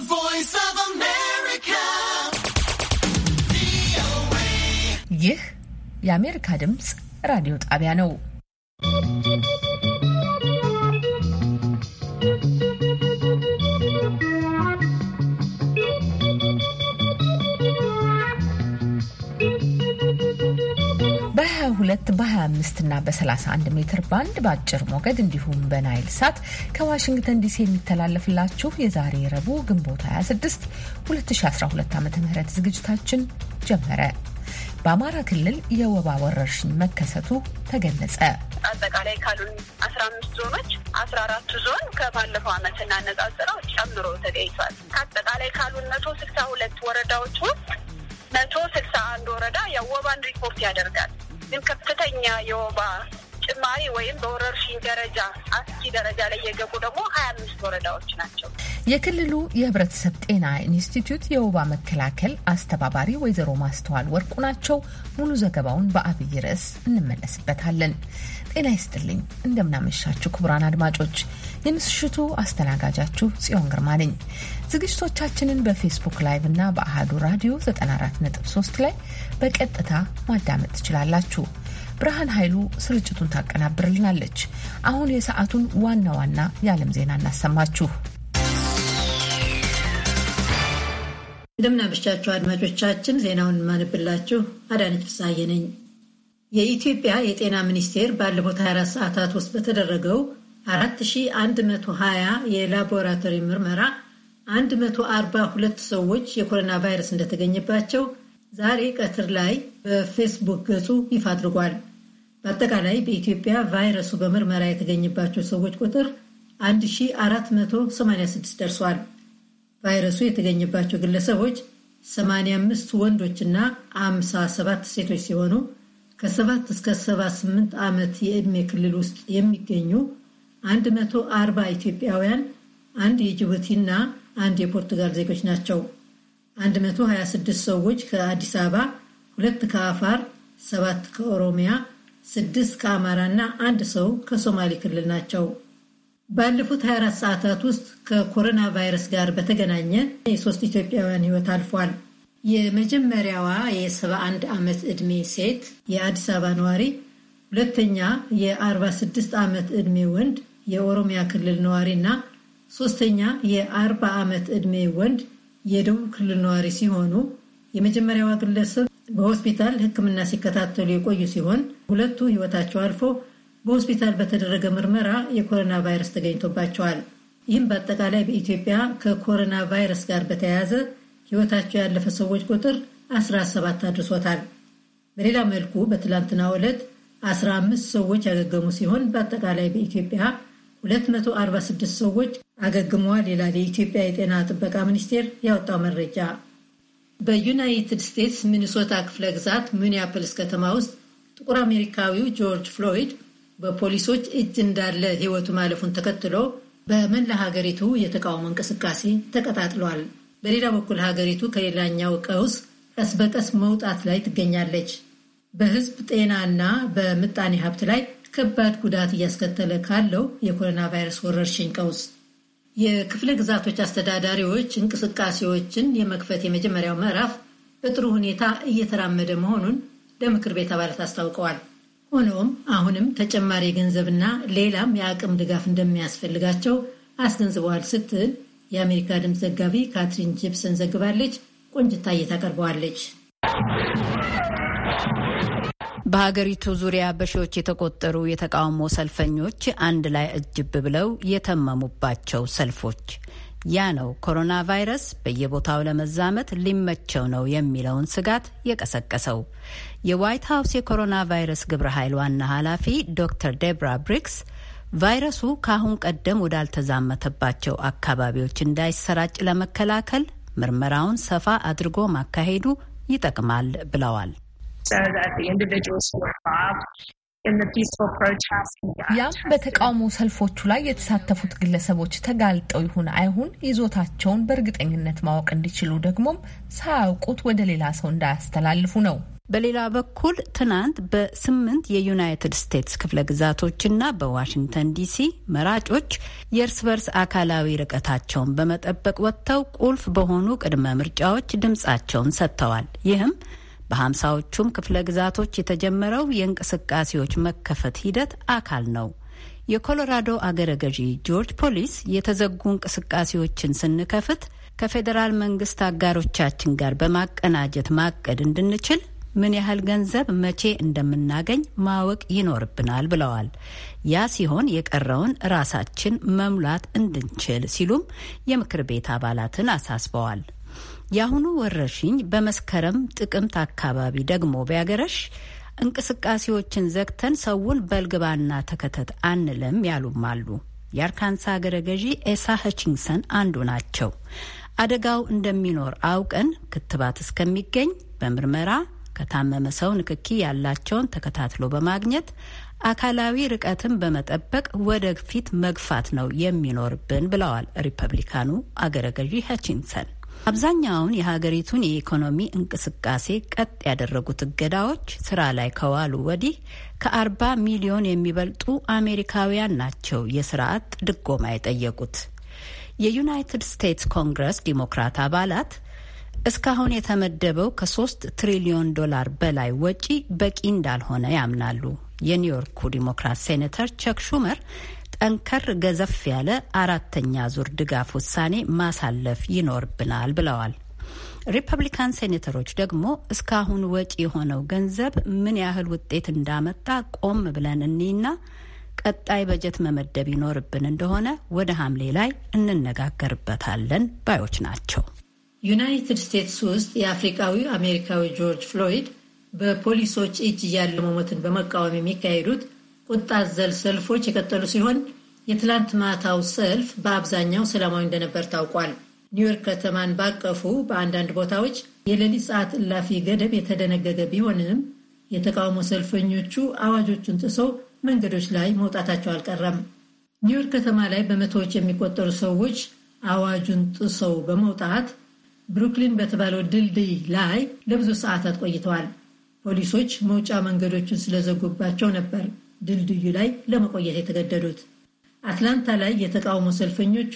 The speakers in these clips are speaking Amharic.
The voice of America. Yeh, Yamir yeah, Radio Tabiano. በ በ25 እና በ31 ሜትር ባንድ በአጭር ሞገድ እንዲሁም በናይል ሳት ከዋሽንግተን ዲሲ የሚተላለፍላችሁ የዛሬ ረቡዕ ግንቦት 26 2012 ዓ ም ዝግጅታችን ጀመረ። በአማራ ክልል የወባ ወረርሽኝ መከሰቱ ተገለጸ። አጠቃላይ ካሉን አስራ አምስት ዞኖች አስራ አራቱ ዞን ከባለፈው አመት እናነጻጽረው ጨምሮ ተገኝቷል። ከአጠቃላይ ካሉን መቶ ስልሳ ሁለት ወረዳዎች ውስጥ መቶ ስልሳ አንድ ወረዳ የወባን ሪፖርት ያደርጋል። ግን ከፍተኛ የወባ ጭማሪ ወይም በወረርሽኝ ደረጃ አስጊ ደረጃ ላይ የገቡ ደግሞ ሀያ አምስት ወረዳዎች ናቸው። የክልሉ የህብረተሰብ ጤና ኢንስቲትዩት የወባ መከላከል አስተባባሪ ወይዘሮ ማስተዋል ወርቁ ናቸው። ሙሉ ዘገባውን በአብይ ርዕስ እንመለስበታለን። ጤና ይስጥልኝ። እንደምናመሻችሁ ክቡራን አድማጮች፣ የምሽቱ አስተናጋጃችሁ ጽዮን ግርማ ነኝ። ዝግጅቶቻችንን በፌስቡክ ላይቭ እና በአህዱ ራዲዮ 94.3 ላይ በቀጥታ ማዳመጥ ትችላላችሁ። ብርሃን ኃይሉ ስርጭቱን ታቀናብርልናለች። አሁን የሰዓቱን ዋና ዋና የዓለም ዜና እናሰማችሁ። እንደምናመሻችሁ አድማጮቻችን፣ ዜናውን ማንብላችሁ አዳነች ፍስሐዬ ነኝ። የኢትዮጵያ የጤና ሚኒስቴር ባለፉት 24 ሰዓታት ውስጥ በተደረገው 4120 የላቦራቶሪ ምርመራ 142 ሰዎች የኮሮና ቫይረስ እንደተገኘባቸው ዛሬ ቀትር ላይ በፌስቡክ ገጹ ይፋ አድርጓል። በአጠቃላይ በኢትዮጵያ ቫይረሱ በምርመራ የተገኘባቸው ሰዎች ቁጥር 1486 ደርሷል። ቫይረሱ የተገኘባቸው ግለሰቦች 85 ወንዶችና 57 ሴቶች ሲሆኑ ከ7 እስከ 78 ዓመት የዕድሜ ክልል ውስጥ የሚገኙ 140 ኢትዮጵያውያን፣ አንድ የጅቡቲና አንድ የፖርቱጋል ዜጎች ናቸው። 126 ሰዎች ከአዲስ አበባ፣ ሁለት ከአፋር፣ ሰባት ከኦሮሚያ፣ ስድስት ከአማራ እና አንድ ሰው ከሶማሌ ክልል ናቸው። ባለፉት 24 ሰዓታት ውስጥ ከኮሮና ቫይረስ ጋር በተገናኘ የሶስት ኢትዮጵያውያን ሕይወት አልፏል። የመጀመሪያዋ የ71 ዓመት ዕድሜ ሴት የአዲስ አበባ ነዋሪ፣ ሁለተኛ የ46 ዓመት ዕድሜ ወንድ የኦሮሚያ ክልል ነዋሪ እና ሶስተኛ የ40 ዓመት ዕድሜ ወንድ የደቡብ ክልል ነዋሪ ሲሆኑ የመጀመሪያዋ ግለሰብ በሆስፒታል ሕክምና ሲከታተሉ የቆዩ ሲሆን ሁለቱ ሕይወታቸው አልፎ በሆስፒታል በተደረገ ምርመራ የኮሮና ቫይረስ ተገኝቶባቸዋል። ይህም በአጠቃላይ በኢትዮጵያ ከኮሮና ቫይረስ ጋር በተያያዘ ሕይወታቸው ያለፈ ሰዎች ቁጥር 17 አድርሶታል። በሌላ መልኩ በትላንትናው ዕለት 15 ሰዎች ያገገሙ ሲሆን በአጠቃላይ በኢትዮጵያ 246 ሰዎች አገግመዋል ይላል የኢትዮጵያ የጤና ጥበቃ ሚኒስቴር ያወጣው መረጃ። በዩናይትድ ስቴትስ ሚኒሶታ ክፍለ ግዛት ሚኒያፖሊስ ከተማ ውስጥ ጥቁር አሜሪካዊው ጆርጅ ፍሎይድ በፖሊሶች እጅ እንዳለ ሕይወቱ ማለፉን ተከትሎ በመላ ሀገሪቱ የተቃውሞ እንቅስቃሴ ተቀጣጥሏል። በሌላ በኩል ሀገሪቱ ከሌላኛው ቀውስ ቀስ በቀስ መውጣት ላይ ትገኛለች። በህዝብ ጤናና በምጣኔ ሀብት ላይ ከባድ ጉዳት እያስከተለ ካለው የኮሮና ቫይረስ ወረርሽኝ ቀውስ የክፍለ ግዛቶች አስተዳዳሪዎች እንቅስቃሴዎችን የመክፈት የመጀመሪያው ምዕራፍ በጥሩ ሁኔታ እየተራመደ መሆኑን ለምክር ቤት አባላት አስታውቀዋል። ሆኖም አሁንም ተጨማሪ ገንዘብና ሌላም የአቅም ድጋፍ እንደሚያስፈልጋቸው አስገንዝበዋል ስትል የአሜሪካ ድምፅ ዘጋቢ ካትሪን ጂፕሰን ዘግባለች። ቆንጅታ እየታቀርበዋለች። በሀገሪቱ ዙሪያ በሺዎች የተቆጠሩ የተቃውሞ ሰልፈኞች አንድ ላይ እጅብ ብለው የተመሙባቸው ሰልፎች ያ ነው ኮሮና ቫይረስ በየቦታው ለመዛመት ሊመቸው ነው የሚለውን ስጋት የቀሰቀሰው። የዋይት ሀውስ የኮሮና ቫይረስ ግብረ ኃይል ዋና ኃላፊ ዶክተር ዴብራ ብሪክስ ቫይረሱ ከአሁን ቀደም ወዳልተዛመተባቸው አካባቢዎች እንዳይሰራጭ ለመከላከል ምርመራውን ሰፋ አድርጎ ማካሄዱ ይጠቅማል ብለዋል። ያም በተቃውሞ ሰልፎቹ ላይ የተሳተፉት ግለሰቦች ተጋልጠው ይሁን አይሁን ይዞታቸውን በእርግጠኝነት ማወቅ እንዲችሉ ደግሞም ሳያውቁት ወደ ሌላ ሰው እንዳያስተላልፉ ነው። በሌላ በኩል ትናንት በስምንት የዩናይትድ ስቴትስ ክፍለ ግዛቶችና በዋሽንግተን ዲሲ መራጮች የእርስ በርስ አካላዊ ርቀታቸውን በመጠበቅ ወጥተው ቁልፍ በሆኑ ቅድመ ምርጫዎች ድምጻቸውን ሰጥተዋል። ይህም በሀምሳዎቹም ክፍለ ግዛቶች የተጀመረው የእንቅስቃሴዎች መከፈት ሂደት አካል ነው። የኮሎራዶ አገረ ገዢ ጆርጅ ፖሊስ የተዘጉ እንቅስቃሴዎችን ስንከፍት ከፌዴራል መንግስት አጋሮቻችን ጋር በማቀናጀት ማቀድ እንድንችል ምን ያህል ገንዘብ መቼ እንደምናገኝ ማወቅ ይኖርብናል ብለዋል። ያ ሲሆን የቀረውን ራሳችን መሙላት እንድንችል ሲሉም የምክር ቤት አባላትን አሳስበዋል። የአሁኑ ወረርሽኝ በመስከረም ጥቅምት አካባቢ ደግሞ ቢያገረሽ እንቅስቃሴዎችን ዘግተን ሰውን በልግባና ተከተት አንለም ያሉም አሉ። የአርካንሳ አገረ ገዢ ኤሳ ሀችንሰን አንዱ ናቸው። አደጋው እንደሚኖር አውቀን ክትባት እስከሚገኝ በምርመራ ከታመመ ሰው ንክኪ ያላቸውን ተከታትሎ በማግኘት አካላዊ ርቀትን በመጠበቅ ወደፊት መግፋት ነው የሚኖርብን ብለዋል ሪፐብሊካኑ አገረ ገዢ ሀችንሰን። አብዛኛውን የሀገሪቱን የኢኮኖሚ እንቅስቃሴ ቀጥ ያደረጉት እገዳዎች ስራ ላይ ከዋሉ ወዲህ ከአርባ ሚሊዮን የሚበልጡ አሜሪካውያን ናቸው የስራ አጥ ድጎማ የጠየቁት። የዩናይትድ ስቴትስ ኮንግረስ ዲሞክራት አባላት እስካሁን የተመደበው ከሶስት ትሪሊዮን ዶላር በላይ ወጪ በቂ እንዳልሆነ ያምናሉ። የኒውዮርኩ ዲሞክራት ሴኔተር ቸክ ሹመር ጠንከር ገዘፍ ያለ አራተኛ ዙር ድጋፍ ውሳኔ ማሳለፍ ይኖርብናል ብለዋል። ሪፐብሊካን ሴኔተሮች ደግሞ እስካሁን ወጪ የሆነው ገንዘብ ምን ያህል ውጤት እንዳመጣ ቆም ብለን እኒና ቀጣይ በጀት መመደብ ይኖርብን እንደሆነ ወደ ሐምሌ ላይ እንነጋገርበታለን ባዮች ናቸው። ዩናይትድ ስቴትስ ውስጥ የአፍሪካዊ አሜሪካዊ ጆርጅ ፍሎይድ በፖሊሶች እጅ እያለ መሞትን በመቃወም የሚካሄዱት ቁጣ ዘል ሰልፎች የቀጠሉ ሲሆን የትላንት ማታው ሰልፍ በአብዛኛው ሰላማዊ እንደነበር ታውቋል። ኒውዮርክ ከተማን ባቀፉ በአንዳንድ ቦታዎች የሌሊት ሰዓት እላፊ ገደብ የተደነገገ ቢሆንም የተቃውሞ ሰልፈኞቹ አዋጆቹን ጥሰው መንገዶች ላይ መውጣታቸው አልቀረም። ኒውዮርክ ከተማ ላይ በመቶዎች የሚቆጠሩ ሰዎች አዋጁን ጥሰው በመውጣት ብሩክሊን በተባለው ድልድይ ላይ ለብዙ ሰዓታት ቆይተዋል። ፖሊሶች መውጫ መንገዶችን ስለዘጉባቸው ነበር ድልድዩ ላይ ለመቆየት የተገደዱት። አትላንታ ላይ የተቃውሞ ሰልፈኞቹ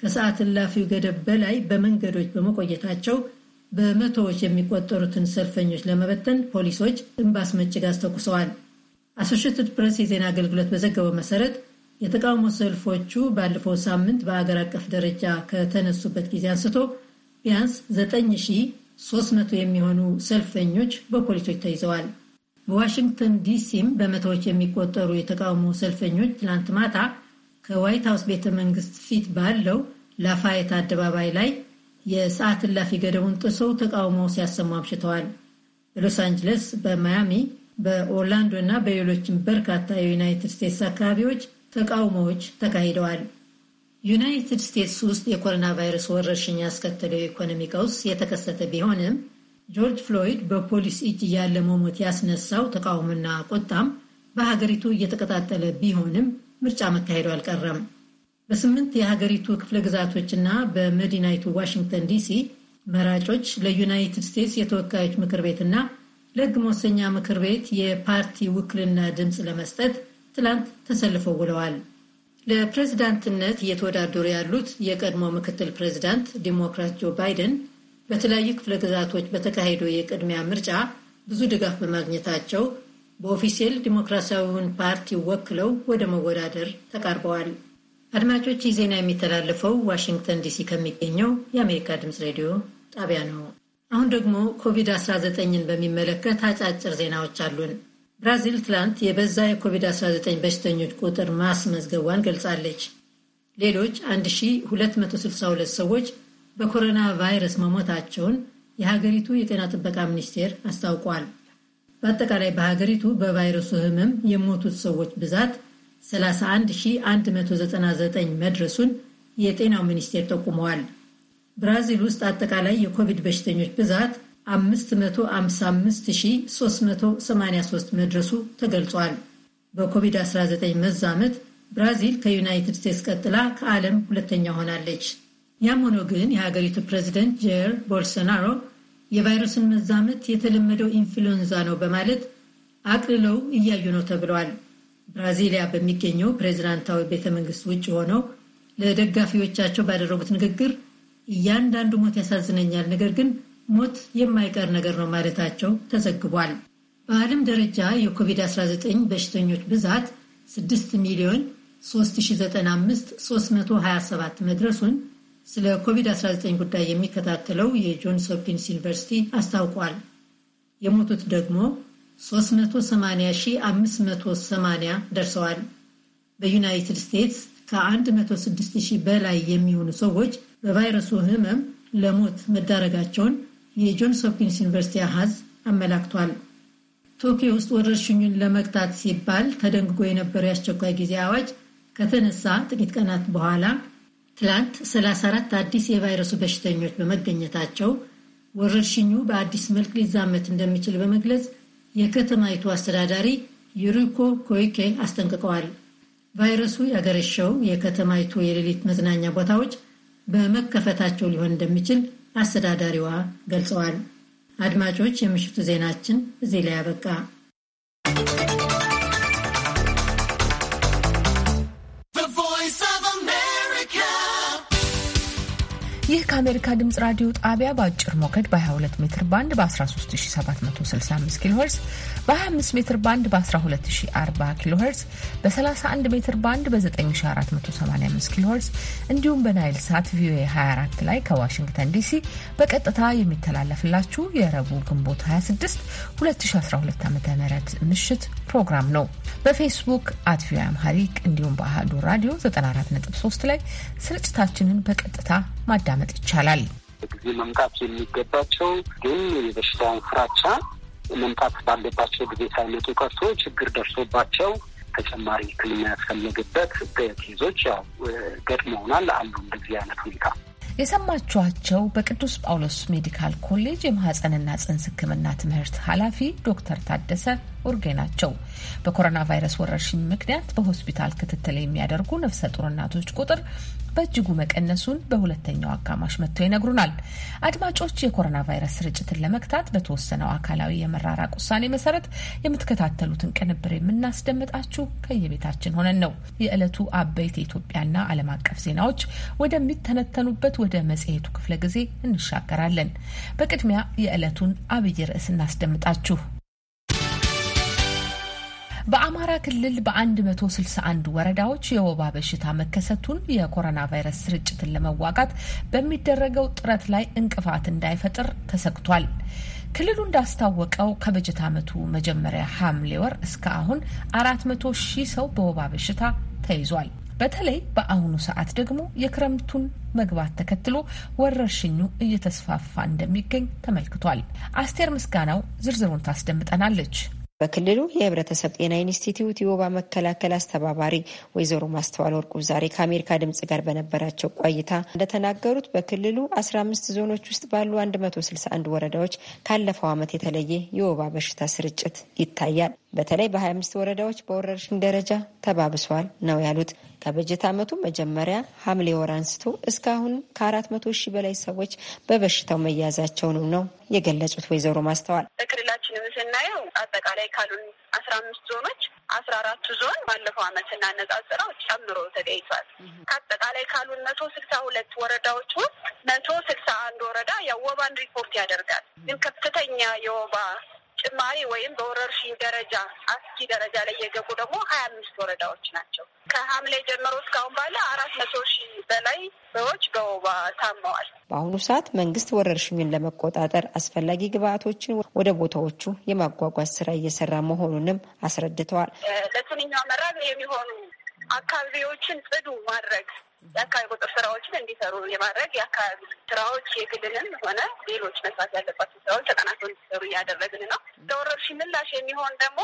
ከሰዓት እላፊው ገደብ በላይ በመንገዶች በመቆየታቸው በመቶዎች የሚቆጠሩትን ሰልፈኞች ለመበተን ፖሊሶች እምባ አስመጪ ጋዝ ተኩሰዋል። አሶሺየትድ ፕሬስ የዜና አገልግሎት በዘገበው መሰረት የተቃውሞ ሰልፎቹ ባለፈው ሳምንት በአገር አቀፍ ደረጃ ከተነሱበት ጊዜ አንስቶ ቢያንስ 9300 የሚሆኑ ሰልፈኞች በፖሊሶች ተይዘዋል። በዋሽንግተን ዲሲም በመቶዎች የሚቆጠሩ የተቃውሞ ሰልፈኞች ትላንት ማታ ከዋይት ሀውስ ቤተ መንግስት ፊት ባለው ላፋየት አደባባይ ላይ የሰዓት እላፊ ገደቡን ጥሰው ተቃውሞ ሲያሰሙ አምሽተዋል። በሎስ አንጅለስ፣ በማያሚ፣ በኦርላንዶ እና በሌሎችም በርካታ የዩናይትድ ስቴትስ አካባቢዎች ተቃውሞዎች ተካሂደዋል። ዩናይትድ ስቴትስ ውስጥ የኮሮና ቫይረስ ወረርሽኝ ያስከተለው የኢኮኖሚ ቀውስ የተከሰተ ቢሆንም ጆርጅ ፍሎይድ በፖሊስ እጅ እያለ መሞት ያስነሳው ተቃውሞና ቁጣም በሀገሪቱ እየተቀጣጠለ ቢሆንም ምርጫ መካሄዱ አልቀረም። በስምንት የሀገሪቱ ክፍለ ግዛቶችና በመዲናይቱ ዋሽንግተን ዲሲ መራጮች ለዩናይትድ ስቴትስ የተወካዮች ምክር ቤትና ለሕግ መወሰኛ ምክር ቤት የፓርቲ ውክልና ድምፅ ለመስጠት ትላንት ተሰልፈው ውለዋል። ለፕሬዝዳንትነት እየተወዳደሩ ያሉት የቀድሞ ምክትል ፕሬዝዳንት ዲሞክራት ጆ ባይደን በተለያዩ ክፍለ ግዛቶች በተካሄደው የቅድሚያ ምርጫ ብዙ ድጋፍ በማግኘታቸው በኦፊሴል ዲሞክራሲያዊውን ፓርቲ ወክለው ወደ መወዳደር ተቃርበዋል። አድማጮች፣ ይህ ዜና የሚተላለፈው ዋሽንግተን ዲሲ ከሚገኘው የአሜሪካ ድምፅ ሬዲዮ ጣቢያ ነው። አሁን ደግሞ ኮቪድ-19ን በሚመለከት አጫጭር ዜናዎች አሉን። ብራዚል ትላንት የበዛ የኮቪድ-19 በሽተኞች ቁጥር ማስመዝገቧን ገልጻለች። ሌሎች 1262 ሰዎች በኮሮና ቫይረስ መሞታቸውን የሀገሪቱ የጤና ጥበቃ ሚኒስቴር አስታውቋል። በአጠቃላይ በሀገሪቱ በቫይረሱ ህመም የሞቱት ሰዎች ብዛት 31199 መድረሱን የጤናው ሚኒስቴር ጠቁመዋል። ብራዚል ውስጥ አጠቃላይ የኮቪድ በሽተኞች ብዛት 555383 መድረሱ ተገልጿል። በኮቪድ-19 መዛመት ብራዚል ከዩናይትድ ስቴትስ ቀጥላ ከዓለም ሁለተኛ ሆናለች። ያም ሆኖ ግን የሀገሪቱ ፕሬዚደንት ጀር ቦልሶናሮ የቫይረሱን መዛመት የተለመደው ኢንፍሉዌንዛ ነው በማለት አቅልለው እያዩ ነው ተብለዋል። ብራዚሊያ በሚገኘው ፕሬዚዳንታዊ ቤተ መንግስት ውጭ ሆነው ለደጋፊዎቻቸው ባደረጉት ንግግር እያንዳንዱ ሞት ያሳዝነኛል፣ ነገር ግን ሞት የማይቀር ነገር ነው ማለታቸው ተዘግቧል። በዓለም ደረጃ የኮቪድ-19 በሽተኞች ብዛት 6 ሚሊዮን 395327 መድረሱን ስለ ኮቪድ-19 ጉዳይ የሚከታተለው የጆንስ ሆፕኪንስ ዩኒቨርሲቲ አስታውቋል። የሞቱት ደግሞ 380580 ደርሰዋል። በዩናይትድ ስቴትስ ከ16000 በላይ የሚሆኑ ሰዎች በቫይረሱ ህመም ለሞት መዳረጋቸውን የጆንስ ሆፕኪንስ ዩኒቨርሲቲ አሃዝ አመላክቷል። ቶኪዮ ውስጥ ወረርሽኙን ለመግታት ሲባል ተደንግጎ የነበረው የአስቸኳይ ጊዜ አዋጅ ከተነሳ ጥቂት ቀናት በኋላ ትላንት 34 አዲስ የቫይረሱ በሽተኞች በመገኘታቸው ወረርሽኙ በአዲስ መልክ ሊዛመት እንደሚችል በመግለጽ የከተማይቱ አስተዳዳሪ ዩሪኮ ኮይኬ አስጠንቅቀዋል። ቫይረሱ ያገረሸው የከተማይቱ የሌሊት መዝናኛ ቦታዎች በመከፈታቸው ሊሆን እንደሚችል አስተዳዳሪዋ ገልጸዋል። አድማጮች፣ የምሽቱ ዜናችን እዚህ ላይ አበቃ? ይህ ከአሜሪካ ድምፅ ራዲዮ ጣቢያ በአጭር ሞገድ በ22 ሜትር ባንድ በ13765 ኪሎ ሄርዝ በ25 ሜትር ባንድ በ1240 ኪሎ ሄርዝ በ31 ሜትር ባንድ በ9485 ኪሎ ሄርዝ እንዲሁም በናይል ሳት ቪኦኤ 24 ላይ ከዋሽንግተን ዲሲ በቀጥታ የሚተላለፍላችሁ የረቡዕ ግንቦት 26 2012 ዓ ም ምሽት ፕሮግራም ነው። በፌስቡክ አት ቪኦኤ አምሃሪክ እንዲሁም በአህዱ ራዲዮ 943 ላይ ስርጭታችንን በቀጥታ ማዳመጥ ይቻላል። ጊዜ መምጣት የሚገባቸው ግን የበሽታውን ፍራቻ መምጣት ባለባቸው ጊዜ ሳይመጡ ቀርቶ ችግር ደርሶባቸው ተጨማሪ ሕክምና ያስፈለግበት ኬዞች ያው ገጥመውናል አንዱ እንደዚህ አይነት ሁኔታ የሰማችኋቸው በቅዱስ ጳውሎስ ሜዲካል ኮሌጅ የማህፀንና ጽንስ ህክምና ትምህርት ኃላፊ ዶክተር ታደሰ ኡርጌ ናቸው። በኮሮና ቫይረስ ወረርሽኝ ምክንያት በሆስፒታል ክትትል የሚያደርጉ ነፍሰ ጡር እናቶች ቁጥር በእጅጉ መቀነሱን በሁለተኛው አጋማሽ መጥተው ይነግሩናል። አድማጮች፣ የኮሮና ቫይረስ ስርጭትን ለመግታት በተወሰነው አካላዊ የመራራቅ ውሳኔ መሰረት የምትከታተሉትን ቅንብር የምናስደምጣችሁ ከየቤታችን ሆነን ነው። የዕለቱ አበይት የኢትዮጵያና ዓለም አቀፍ ዜናዎች ወደሚተነተኑበት ወደ መጽሔቱ ክፍለ ጊዜ እንሻገራለን። በቅድሚያ የዕለቱን አብይ ርዕስ እናስደምጣችሁ። በአማራ ክልል በ161 ወረዳዎች የወባ በሽታ መከሰቱን የኮሮና ቫይረስ ስርጭትን ለመዋጋት በሚደረገው ጥረት ላይ እንቅፋት እንዳይፈጥር ተሰግቷል። ክልሉ እንዳስታወቀው ከበጀት ዓመቱ መጀመሪያ ሐምሌ ወር እስከ አሁን 400 ሺህ ሰው በወባ በሽታ ተይዟል። በተለይ በአሁኑ ሰዓት ደግሞ የክረምቱን መግባት ተከትሎ ወረርሽኙ እየተስፋፋ እንደሚገኝ ተመልክቷል። አስቴር ምስጋናው ዝርዝሩን ታስደምጠናለች። በክልሉ የህብረተሰብ ጤና ኢንስቲትዩት የወባ መከላከል አስተባባሪ ወይዘሮ ማስተዋል ወርቁ ዛሬ ከአሜሪካ ድምጽ ጋር በነበራቸው ቆይታ እንደተናገሩት በክልሉ 15 ዞኖች ውስጥ ባሉ 161 ወረዳዎች ካለፈው ዓመት የተለየ የወባ በሽታ ስርጭት ይታያል። በተለይ በ25 ወረዳዎች በወረርሽኝ ደረጃ ተባብሷል ነው ያሉት። ከበጀት ዓመቱ መጀመሪያ ሐምሌ ወር አንስቶ እስካሁን ከ400 ሺህ በላይ ሰዎች በበሽታው መያዛቸውንም ነው የገለጹት ወይዘሮ ማስተዋል። በክልላችንም ስናየው አጠቃላይ ካሉን አስራ አምስት ዞኖች አስራ አራቱ ዞን ባለፈው ዓመት ስናነጻጽረው ጨምሮ ተገኝቷል። ከአጠቃላይ ካሉን መቶ ስልሳ ሁለት ወረዳዎች ውስጥ መቶ ስልሳ አንድ ወረዳ የወባን ሪፖርት ያደርጋል። ግን ከፍተኛ የወባ ጭማሪ ወይም በወረርሽኝ ደረጃ አስጊ ደረጃ ላይ የገቡ ደግሞ ሀያ አምስት ወረዳዎች ናቸው። ከሐምሌ ጀምሮ እስካሁን ባለ አራት መቶ ሺህ በላይ ሰዎች በወባ ታመዋል። በአሁኑ ሰዓት መንግስት ወረርሽኙን ለመቆጣጠር አስፈላጊ ግብአቶችን ወደ ቦታዎቹ የማጓጓዝ ስራ እየሰራ መሆኑንም አስረድተዋል። ለትንኛ መራብ የሚሆኑ አካባቢዎችን ጽዱ ማድረግ የአካባቢ ቁጥር ስራዎችን እንዲሰሩ የማድረግ የአካባቢ ስራዎች የክልልም ሆነ ሌሎች መስራት ያለባቸው ስራዎች ተጠናክረው እንዲሰሩ እያደረግን ነው። ለወረርሽኝ ምላሽ የሚሆን ደግሞ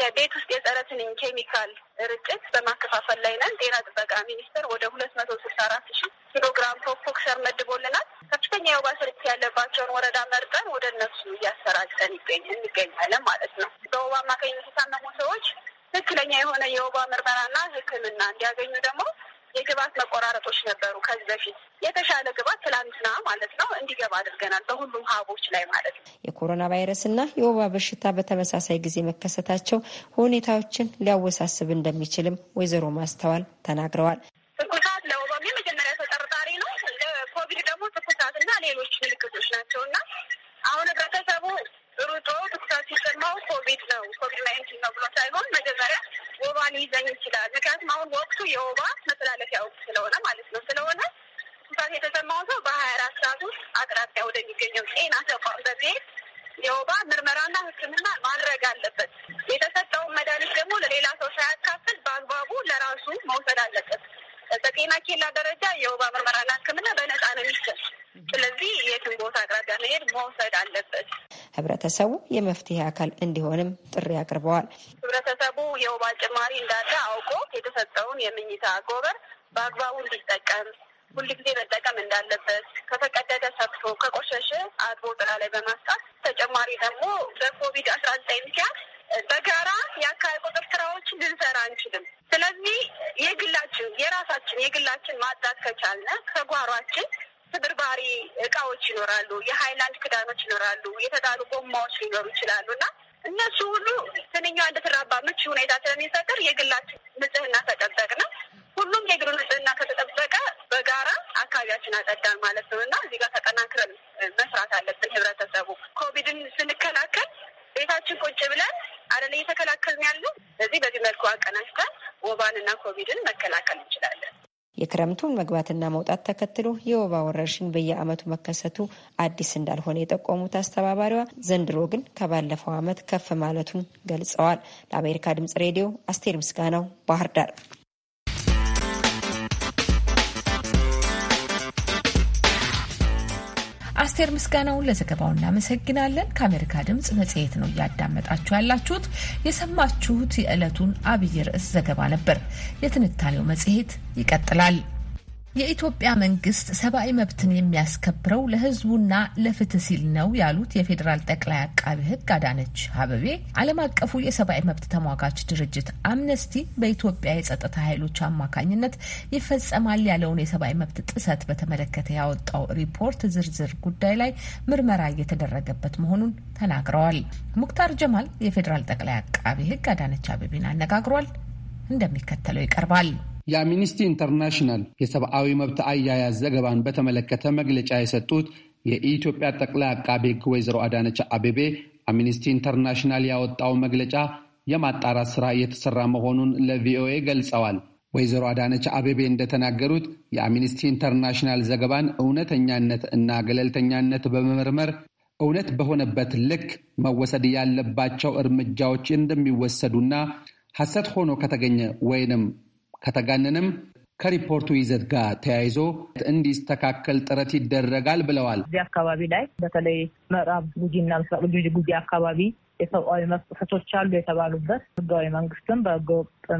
የቤት ውስጥ የጸረ ትንኝ ኬሚካል ርጭት በማከፋፈል ላይ ነን። ጤና ጥበቃ ሚኒስቴር ወደ ሁለት መቶ ስልሳ አራት ሺ ኪሎግራም ፕሮፖክሰር መድቦልናል። ከፍተኛ የወባ ስርጭት ያለባቸውን ወረዳ መርጠን ወደ እነሱ እያሰራጨን እንገኛለን ማለት ነው። በወባ አማካኝነት የታመሙ ሰዎች ትክክለኛ የሆነ የወባ ምርመራና ሕክምና እንዲያገኙ ደግሞ የግብአት መቆራረጦች ነበሩ። ከዚህ በፊት የተሻለ ግብአት ትላንትና ማለት ነው እንዲገባ አድርገናል፣ በሁሉም ሀቦች ላይ ማለት ነው። የኮሮና ቫይረስና የወባ በሽታ በተመሳሳይ ጊዜ መከሰታቸው ሁኔታዎችን ሊያወሳስብ እንደሚችልም ወይዘሮ ማስተዋል ተናግረዋል። ትኩሳት ለወባም የመጀመሪያ ተጠርጣሪ ነው። ለኮቪድ ደግሞ ትኩሳትና ሌሎች ምልክቶች ናቸው እና አሁን ህብረተሰብ ሊይዘኝ ይችላል። ምክንያቱም አሁን ወቅቱ የወባ መተላለፊያ ወቅት ስለሆነ ማለት ነው ስለሆነ ትኩሳት የተሰማው ሰው በሀያ አራት ሰዓት ውስጥ አቅራቢያ ወደሚገኘው ጤና ተቋም በመሄድ የወባ ምርመራና ሕክምና ማድረግ አለበት። የተሰጠውን መድኃኒት ደግሞ ለሌላ ሰው ሳያካፍል በአግባቡ ለራሱ መውሰድ አለበት። በጤና ኬላ ደረጃ የወባ ምርመራና ሕክምና በነፃ ነው የሚሰጥ። ስለዚህ የትን ቦታ አቅራቢያ መሄድ መውሰድ አለበት። ህብረተሰቡ የመፍትሄ አካል እንዲሆንም ጥሪ አቅርበዋል። ህብረተሰቡ የወባ ጭማሪ እንዳለ አውቆ የተሰጠውን የምኝታ አጎበር በአግባቡ እንዲጠቀም ጊዜ መጠቀም እንዳለበት ከተቀደደ ሰብቶ ከቆሸሸ አጥቦ ጥላ ላይ በማስጣት ተጨማሪ ደግሞ በኮቪድ አስራ ዘጠኝ ምክንያት በጋራ የአካባቢ ቁጥር ስራዎች ልንሰራ አንችልም። ስለዚህ የግላችን የራሳችን የግላችን ማጣት ከቻልነ ከጓሯችን ስብርባሪ እቃዎች ይኖራሉ፣ የሀይላንድ ክዳኖች ይኖራሉ፣ የተጣሉ ጎማዎች ሊኖሩ ይችላሉ እና እነሱ ሁሉ ትንኛ እንድትራባ ምቹ ሁኔታ ስለሚፈጥር የግላችን ንጽህና ተጠበቅ ነው። ሁሉም የግሉ ንጽህና ከተጠበቀ በጋራ አካባቢያችን አጸዳን ማለት ነው እና እዚህ ጋር ተጠናክረን መስራት አለብን። ህብረተሰቡ ኮቪድን ስንከላከል ቤታችን ቁጭ ብለን አይደል እየተከላከልን ያሉ። እዚህ በዚህ መልኩ አቀናጅተን ወባንና ኮቪድን መከላከል እንችላለን። የክረምቱን መግባትና መውጣት ተከትሎ የወባ ወረርሽኝ በየዓመቱ መከሰቱ አዲስ እንዳልሆነ የጠቆሙት አስተባባሪዋ ዘንድሮ ግን ከባለፈው ዓመት ከፍ ማለቱን ገልጸዋል። ለአሜሪካ ድምጽ ሬዲዮ አስቴር ምስጋናው ባህር ዳር አስቴር ምስጋናውን ለዘገባው እናመሰግናለን። ከአሜሪካ ድምጽ መጽሔት ነው እያዳመጣችሁ ያላችሁት። የሰማችሁት የዕለቱን አብይ ርዕስ ዘገባ ነበር። የትንታኔው መጽሔት ይቀጥላል። የኢትዮጵያ መንግስት ሰብአዊ መብትን የሚያስከብረው ለህዝቡና ለፍትህ ሲል ነው ያሉት የፌዴራል ጠቅላይ አቃቢ ህግ አዳነች አበቤ ዓለም አቀፉ የሰብአዊ መብት ተሟጋች ድርጅት አምነስቲ በኢትዮጵያ የጸጥታ ኃይሎች አማካኝነት ይፈጸማል ያለውን የሰብአዊ መብት ጥሰት በተመለከተ ያወጣው ሪፖርት ዝርዝር ጉዳይ ላይ ምርመራ እየተደረገበት መሆኑን ተናግረዋል። ሙክታር ጀማል የፌዴራል ጠቅላይ አቃቢ ህግ አዳነች አበቤን አነጋግሯል። እንደሚከተለው ይቀርባል። የአምኒስቲ ኢንተርናሽናል የሰብአዊ መብት አያያዝ ዘገባን በተመለከተ መግለጫ የሰጡት የኢትዮጵያ ጠቅላይ አቃቤ ሕግ ወይዘሮ አዳነች አቤቤ አምኒስቲ ኢንተርናሽናል ያወጣው መግለጫ የማጣራት ስራ እየተሰራ መሆኑን ለቪኦኤ ገልጸዋል። ወይዘሮ አዳነች አቤቤ እንደተናገሩት የአምኒስቲ ኢንተርናሽናል ዘገባን እውነተኛነት እና ገለልተኛነት በመመርመር እውነት በሆነበት ልክ መወሰድ ያለባቸው እርምጃዎች እንደሚወሰዱና ሐሰት ሆኖ ከተገኘ ወይንም ከተጋነነም ከሪፖርቱ ይዘት ጋር ተያይዞ እንዲስተካከል ጥረት ይደረጋል ብለዋል። እዚህ አካባቢ ላይ በተለይ ምዕራብ ጉጂና ምስራቅ ጉጂ ጉጂ አካባቢ የሰብአዊ መብት ጥሰቶች አሉ የተባሉበት ህጋዊ መንግስትም በህገ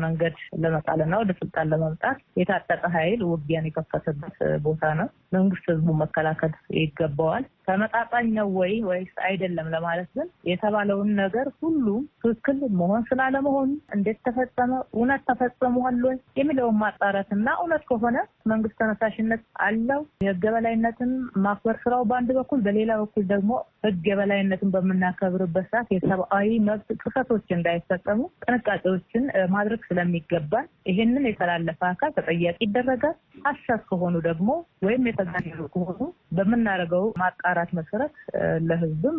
መንገድ ለመጣልና ወደ ስልጣን ለመምጣት የታጠቀ ኃይል ውጊያን የከፈተበት ቦታ ነው። መንግስት ህዝቡ መከላከል ይገባዋል። ተመጣጣኝ ነው ወይ ወይስ አይደለም ለማለት ግን የተባለውን ነገር ሁሉም ትክክል መሆን ስላለመሆኑ፣ እንዴት ተፈጸመ፣ እውነት ተፈጽሟል ወይ የሚለውን ማጣረት እና እውነት ከሆነ መንግስት ተነሳሽነት አለው የህግ የበላይነትን ማክበር ስራው በአንድ በኩል፣ በሌላ በኩል ደግሞ ህግ የበላይነትን በምናከብርበት ሰዓት የሰብአዊ መብት ጥሰቶች እንዳይፈጸሙ ጥንቃቄዎችን ማድረግ ስለሚገባል ይህንን የተላለፈ አካል ተጠያቂ ይደረጋል። ሀሰት ከሆኑ ደግሞ ወይም የተጋነኑ ከሆኑ በምናደርገው ማጣ አራት መሰረት ለህዝብም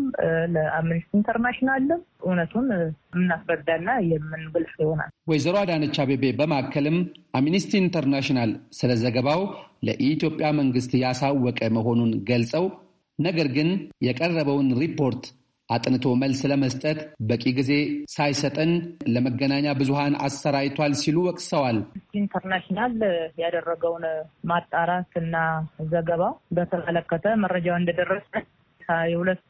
ለአምነስቲ ኢንተርናሽናልም እውነቱን የምናስረዳና የምንገልጽ ይሆናል። ወይዘሮ አዳነች አቤቤ በማከልም አምነስቲ ኢንተርናሽናል ስለ ዘገባው ለኢትዮጵያ መንግስት ያሳወቀ መሆኑን ገልጸው ነገር ግን የቀረበውን ሪፖርት አጥንቶ መልስ ለመስጠት በቂ ጊዜ ሳይሰጠን ለመገናኛ ብዙሃን አሰራይቷል ሲሉ ወቅሰዋል። ኢንተርናሽናል ያደረገውን ማጣራት እና ዘገባ በተመለከተ መረጃው እንደደረሰ የሁለት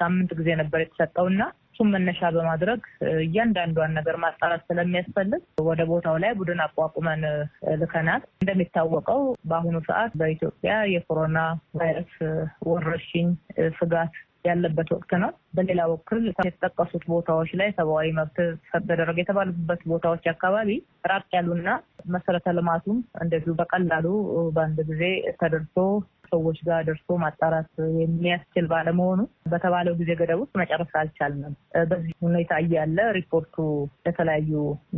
ሳምንት ጊዜ ነበር የተሰጠውና እሱም መነሻ በማድረግ እያንዳንዷን ነገር ማጣራት ስለሚያስፈልግ ወደ ቦታው ላይ ቡድን አቋቁመን ልከናል። እንደሚታወቀው በአሁኑ ሰዓት በኢትዮጵያ የኮሮና ቫይረስ ወረርሽኝ ስጋት ያለበት ወቅት ነው። በሌላ በኩል የተጠቀሱት ቦታዎች ላይ ሰብአዊ መብት ተደረገ የተባሉበት ቦታዎች አካባቢ ራቅ ያሉና መሰረተ ልማቱም እንደዚሁ በቀላሉ በአንድ ጊዜ ተደርሶ ሰዎች ጋር ደርሶ ማጣራት የሚያስችል ባለመሆኑ በተባለው ጊዜ ገደብ ውስጥ መጨረስ አልቻልንም። በዚህ ሁኔታ እያለ ሪፖርቱ ለተለያዩ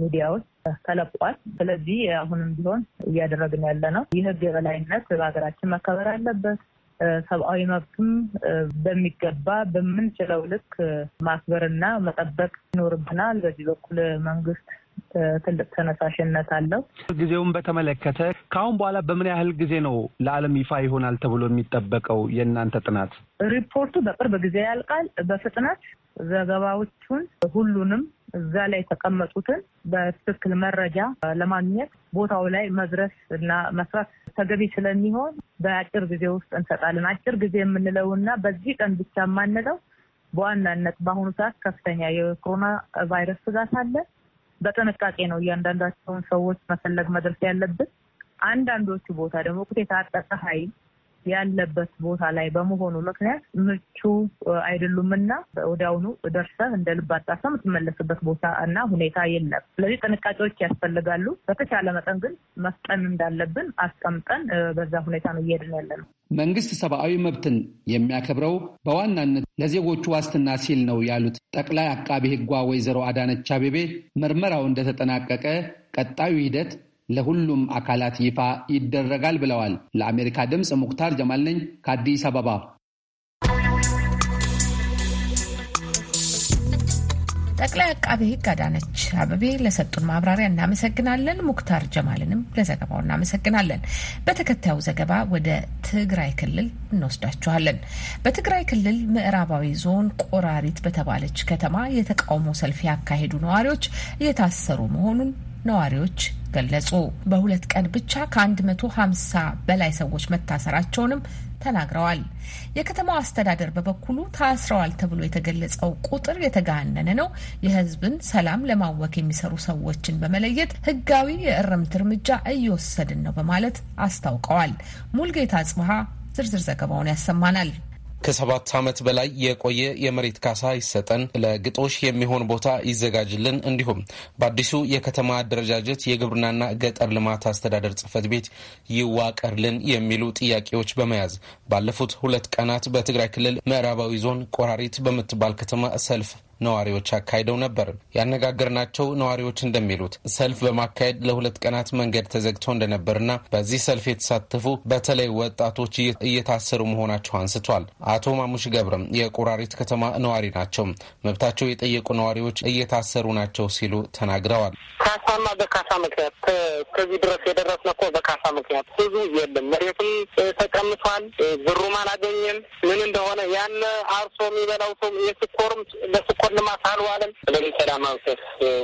ሚዲያዎች ተለቋል። ስለዚህ አሁንም ቢሆን እያደረግን ያለ ነው። የህግ የበላይነት በሀገራችን መከበር አለበት። ሰብአዊ መብትም በሚገባ በምንችለው ልክ ማክበርና መጠበቅ ይኖርብናል። በዚህ በኩል መንግስት ትልቅ ተነሳሽነት አለው። ጊዜውን በተመለከተ ከአሁን በኋላ በምን ያህል ጊዜ ነው ለዓለም ይፋ ይሆናል ተብሎ የሚጠበቀው የእናንተ ጥናት? ሪፖርቱ በቅርብ ጊዜ ያልቃል። በፍጥነት ዘገባዎቹን ሁሉንም እዛ ላይ የተቀመጡትን በትክክል መረጃ ለማግኘት ቦታው ላይ መድረስ እና መስራት ተገቢ ስለሚሆን በአጭር ጊዜ ውስጥ እንሰጣለን። አጭር ጊዜ የምንለው እና በዚህ ቀን ብቻ የማንለው በዋናነት በአሁኑ ሰዓት ከፍተኛ የኮሮና ቫይረስ ስጋት አለ። በጥንቃቄ ነው እያንዳንዳቸውን ሰዎች መፈለግ መድረስ ያለብን። አንዳንዶቹ ቦታ ደግሞ ቁጤ የታጠቀ ኃይል ያለበት ቦታ ላይ በመሆኑ ምክንያት ምቹ አይደሉም እና ወዲያውኑ ደርሰህ እንደ ልብ አጣሰህ የምትመለስበት ቦታ እና ሁኔታ የለም። ስለዚህ ጥንቃቄዎች ያስፈልጋሉ። በተቻለ መጠን ግን መፍጠን እንዳለብን አስቀምጠን በዛ ሁኔታ ነው እየሄድን ያለ ነው። መንግስት ሰብአዊ መብትን የሚያከብረው በዋናነት ለዜጎቹ ዋስትና ሲል ነው ያሉት ጠቅላይ አቃቤ ሕጓ ወይዘሮ አዳነች አቤቤ ምርመራው እንደተጠናቀቀ ቀጣዩ ሂደት ለሁሉም አካላት ይፋ ይደረጋል ብለዋል። ለአሜሪካ ድምፅ ሙክታር ጀማል ነኝ ከአዲስ አበባ። ጠቅላይ አቃቤ ሕግ አዳነች አበቤ ለሰጡን ማብራሪያ እናመሰግናለን። ሙክታር ጀማልንም ለዘገባው እናመሰግናለን። በተከታዩ ዘገባ ወደ ትግራይ ክልል እንወስዳችኋለን። በትግራይ ክልል ምዕራባዊ ዞን ቆራሪት በተባለች ከተማ የተቃውሞ ሰልፍ ያካሄዱ ነዋሪዎች እየታሰሩ መሆኑን ነዋሪዎች ገለጹ። በሁለት ቀን ብቻ ከ150 በላይ ሰዎች መታሰራቸውንም ተናግረዋል። የከተማው አስተዳደር በበኩሉ ታስረዋል ተብሎ የተገለጸው ቁጥር የተጋነነ ነው፣ የሕዝብን ሰላም ለማወክ የሚሰሩ ሰዎችን በመለየት ሕጋዊ የእርምት እርምጃ እየወሰድን ነው በማለት አስታውቀዋል። ሙልጌታ ጽብሃ ዝርዝር ዘገባውን ያሰማናል። ከሰባት ዓመት በላይ የቆየ የመሬት ካሳ ይሰጠን፣ ለግጦሽ የሚሆን ቦታ ይዘጋጅልን፣ እንዲሁም በአዲሱ የከተማ አደረጃጀት የግብርናና ገጠር ልማት አስተዳደር ጽህፈት ቤት ይዋቀርልን የሚሉ ጥያቄዎች በመያዝ ባለፉት ሁለት ቀናት በትግራይ ክልል ምዕራባዊ ዞን ቆራሪት በምትባል ከተማ ሰልፍ ነዋሪዎች አካሂደው ነበር። ያነጋገርናቸው ነዋሪዎች እንደሚሉት ሰልፍ በማካሄድ ለሁለት ቀናት መንገድ ተዘግቶ እንደነበርና በዚህ ሰልፍ የተሳተፉ በተለይ ወጣቶች እየታሰሩ መሆናቸው አንስቷል። አቶ ማሙሽ ገብረም የቁራሪት ከተማ ነዋሪ ናቸው። መብታቸው የጠየቁ ነዋሪዎች እየታሰሩ ናቸው ሲሉ ተናግረዋል። ካሳና በካሳ ምክንያት ከዚህ ድረስ የደረስነው እኮ በካሳ ምክንያት ብዙ የለም። መሬትም ተቀምቷል። ብሩም አላገኘም። ምን እንደሆነ ያን አርሶ የሚበላው ሰው የስኮርም ለስኮር ልማት አልዋለም። ስለዚህ ሰላም አንሰስ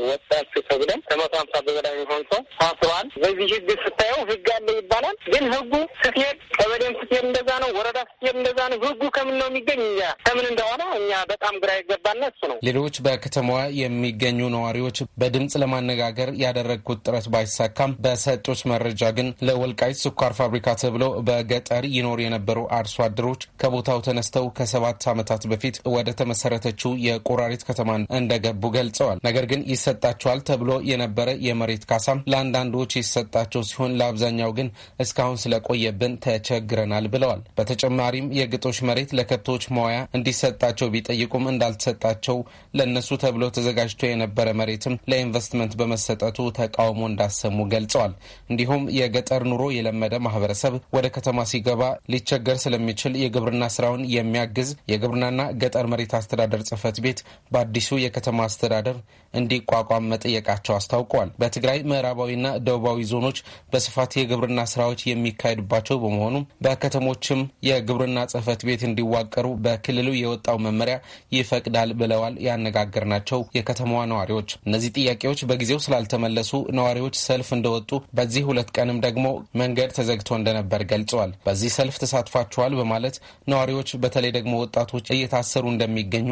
ወጣችሁ ተብለን ከመቶ ሀምሳ በበላይ የሚሆን ሰው ታስሯል። በዚህ ህግ ስታየው ህግ አለ ይባላል፣ ግን ህጉ ስትሄድ ቀበሌም ስትሄድ እንደዛ ነው፣ ወረዳ ስትሄድ እንደዛ ነው። ህጉ ከምን ነው የሚገኝ እኛ ከምን እንደሆነ እኛ በጣም ግራ ይገባና እሱ ነው። ሌሎች በከተማዋ የሚገኙ ነዋሪዎች በድምጽ ለማነጋገር ያደረግኩት ጥረት ባይሳካም በሰጡት መረጃ ግን ለወልቃይት ስኳር ፋብሪካ ተብሎ በገጠር ይኖር የነበሩ አርሶ አደሮች ከቦታው ተነስተው ከሰባት ዓመታት በፊት ወደ ተመሰረተችው የቆራሪ መሬት ከተማን እንደገቡ ገልጸዋል። ነገር ግን ይሰጣቸዋል ተብሎ የነበረ የመሬት ካሳም ለአንዳንዶች ይሰጣቸው ሲሆን ለአብዛኛው ግን እስካሁን ስለቆየብን ተቸግረናል ብለዋል። በተጨማሪም የግጦሽ መሬት ለከብቶች መዋያ እንዲሰጣቸው ቢጠይቁም እንዳልተሰጣቸው ለእነሱ ተብሎ ተዘጋጅቶ የነበረ መሬትም ለኢንቨስትመንት በመሰጠቱ ተቃውሞ እንዳሰሙ ገልጸዋል። እንዲሁም የገጠር ኑሮ የለመደ ማህበረሰብ ወደ ከተማ ሲገባ ሊቸገር ስለሚችል የግብርና ስራውን የሚያግዝ የግብርናና ገጠር መሬት አስተዳደር ጽህፈት ቤት በአዲሱ የከተማ አስተዳደር እንዲቋቋም መጠየቃቸው አስታውቀዋል። በትግራይ ምዕራባዊና ደቡባዊ ዞኖች በስፋት የግብርና ስራዎች የሚካሄድባቸው በመሆኑም በከተሞችም የግብርና ጽህፈት ቤት እንዲዋቀሩ በክልሉ የወጣው መመሪያ ይፈቅዳል ብለዋል ያነጋገርናቸው የከተማዋ ነዋሪዎች። እነዚህ ጥያቄዎች በጊዜው ስላልተመለሱ ነዋሪዎች ሰልፍ እንደወጡ፣ በዚህ ሁለት ቀንም ደግሞ መንገድ ተዘግቶ እንደነበር ገልጸዋል። በዚህ ሰልፍ ተሳትፏቸዋል በማለት ነዋሪዎች በተለይ ደግሞ ወጣቶች እየታሰሩ እንደሚገኙ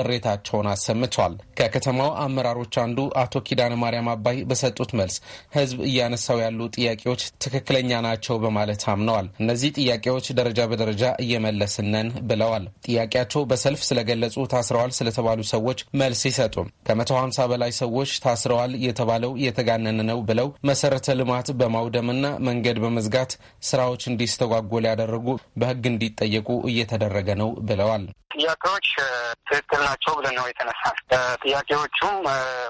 ቅሬታቸውን አሰምቷል። ከከተማው አመራሮች አንዱ አቶ ኪዳነ ማርያም አባይ በሰጡት መልስ ህዝብ እያነሳው ያሉ ጥያቄዎች ትክክለኛ ናቸው በማለት አምነዋል። እነዚህ ጥያቄዎች ደረጃ በደረጃ እየመለስነን ብለዋል። ጥያቄያቸው በሰልፍ ስለገለጹ ታስረዋል ስለተባሉ ሰዎች መልስ ይሰጡም። ከመቶ ሃምሳ በላይ ሰዎች ታስረዋል የተባለው የተጋነነ ነው ብለው መሰረተ ልማት በማውደምና መንገድ በመዝጋት ስራዎች እንዲስተጓጎል ያደረጉ በህግ እንዲጠየቁ እየተደረገ ነው ብለዋል። ጥያቄዎች ናቸው ብለን ነው የተነሳን። ጥያቄዎቹም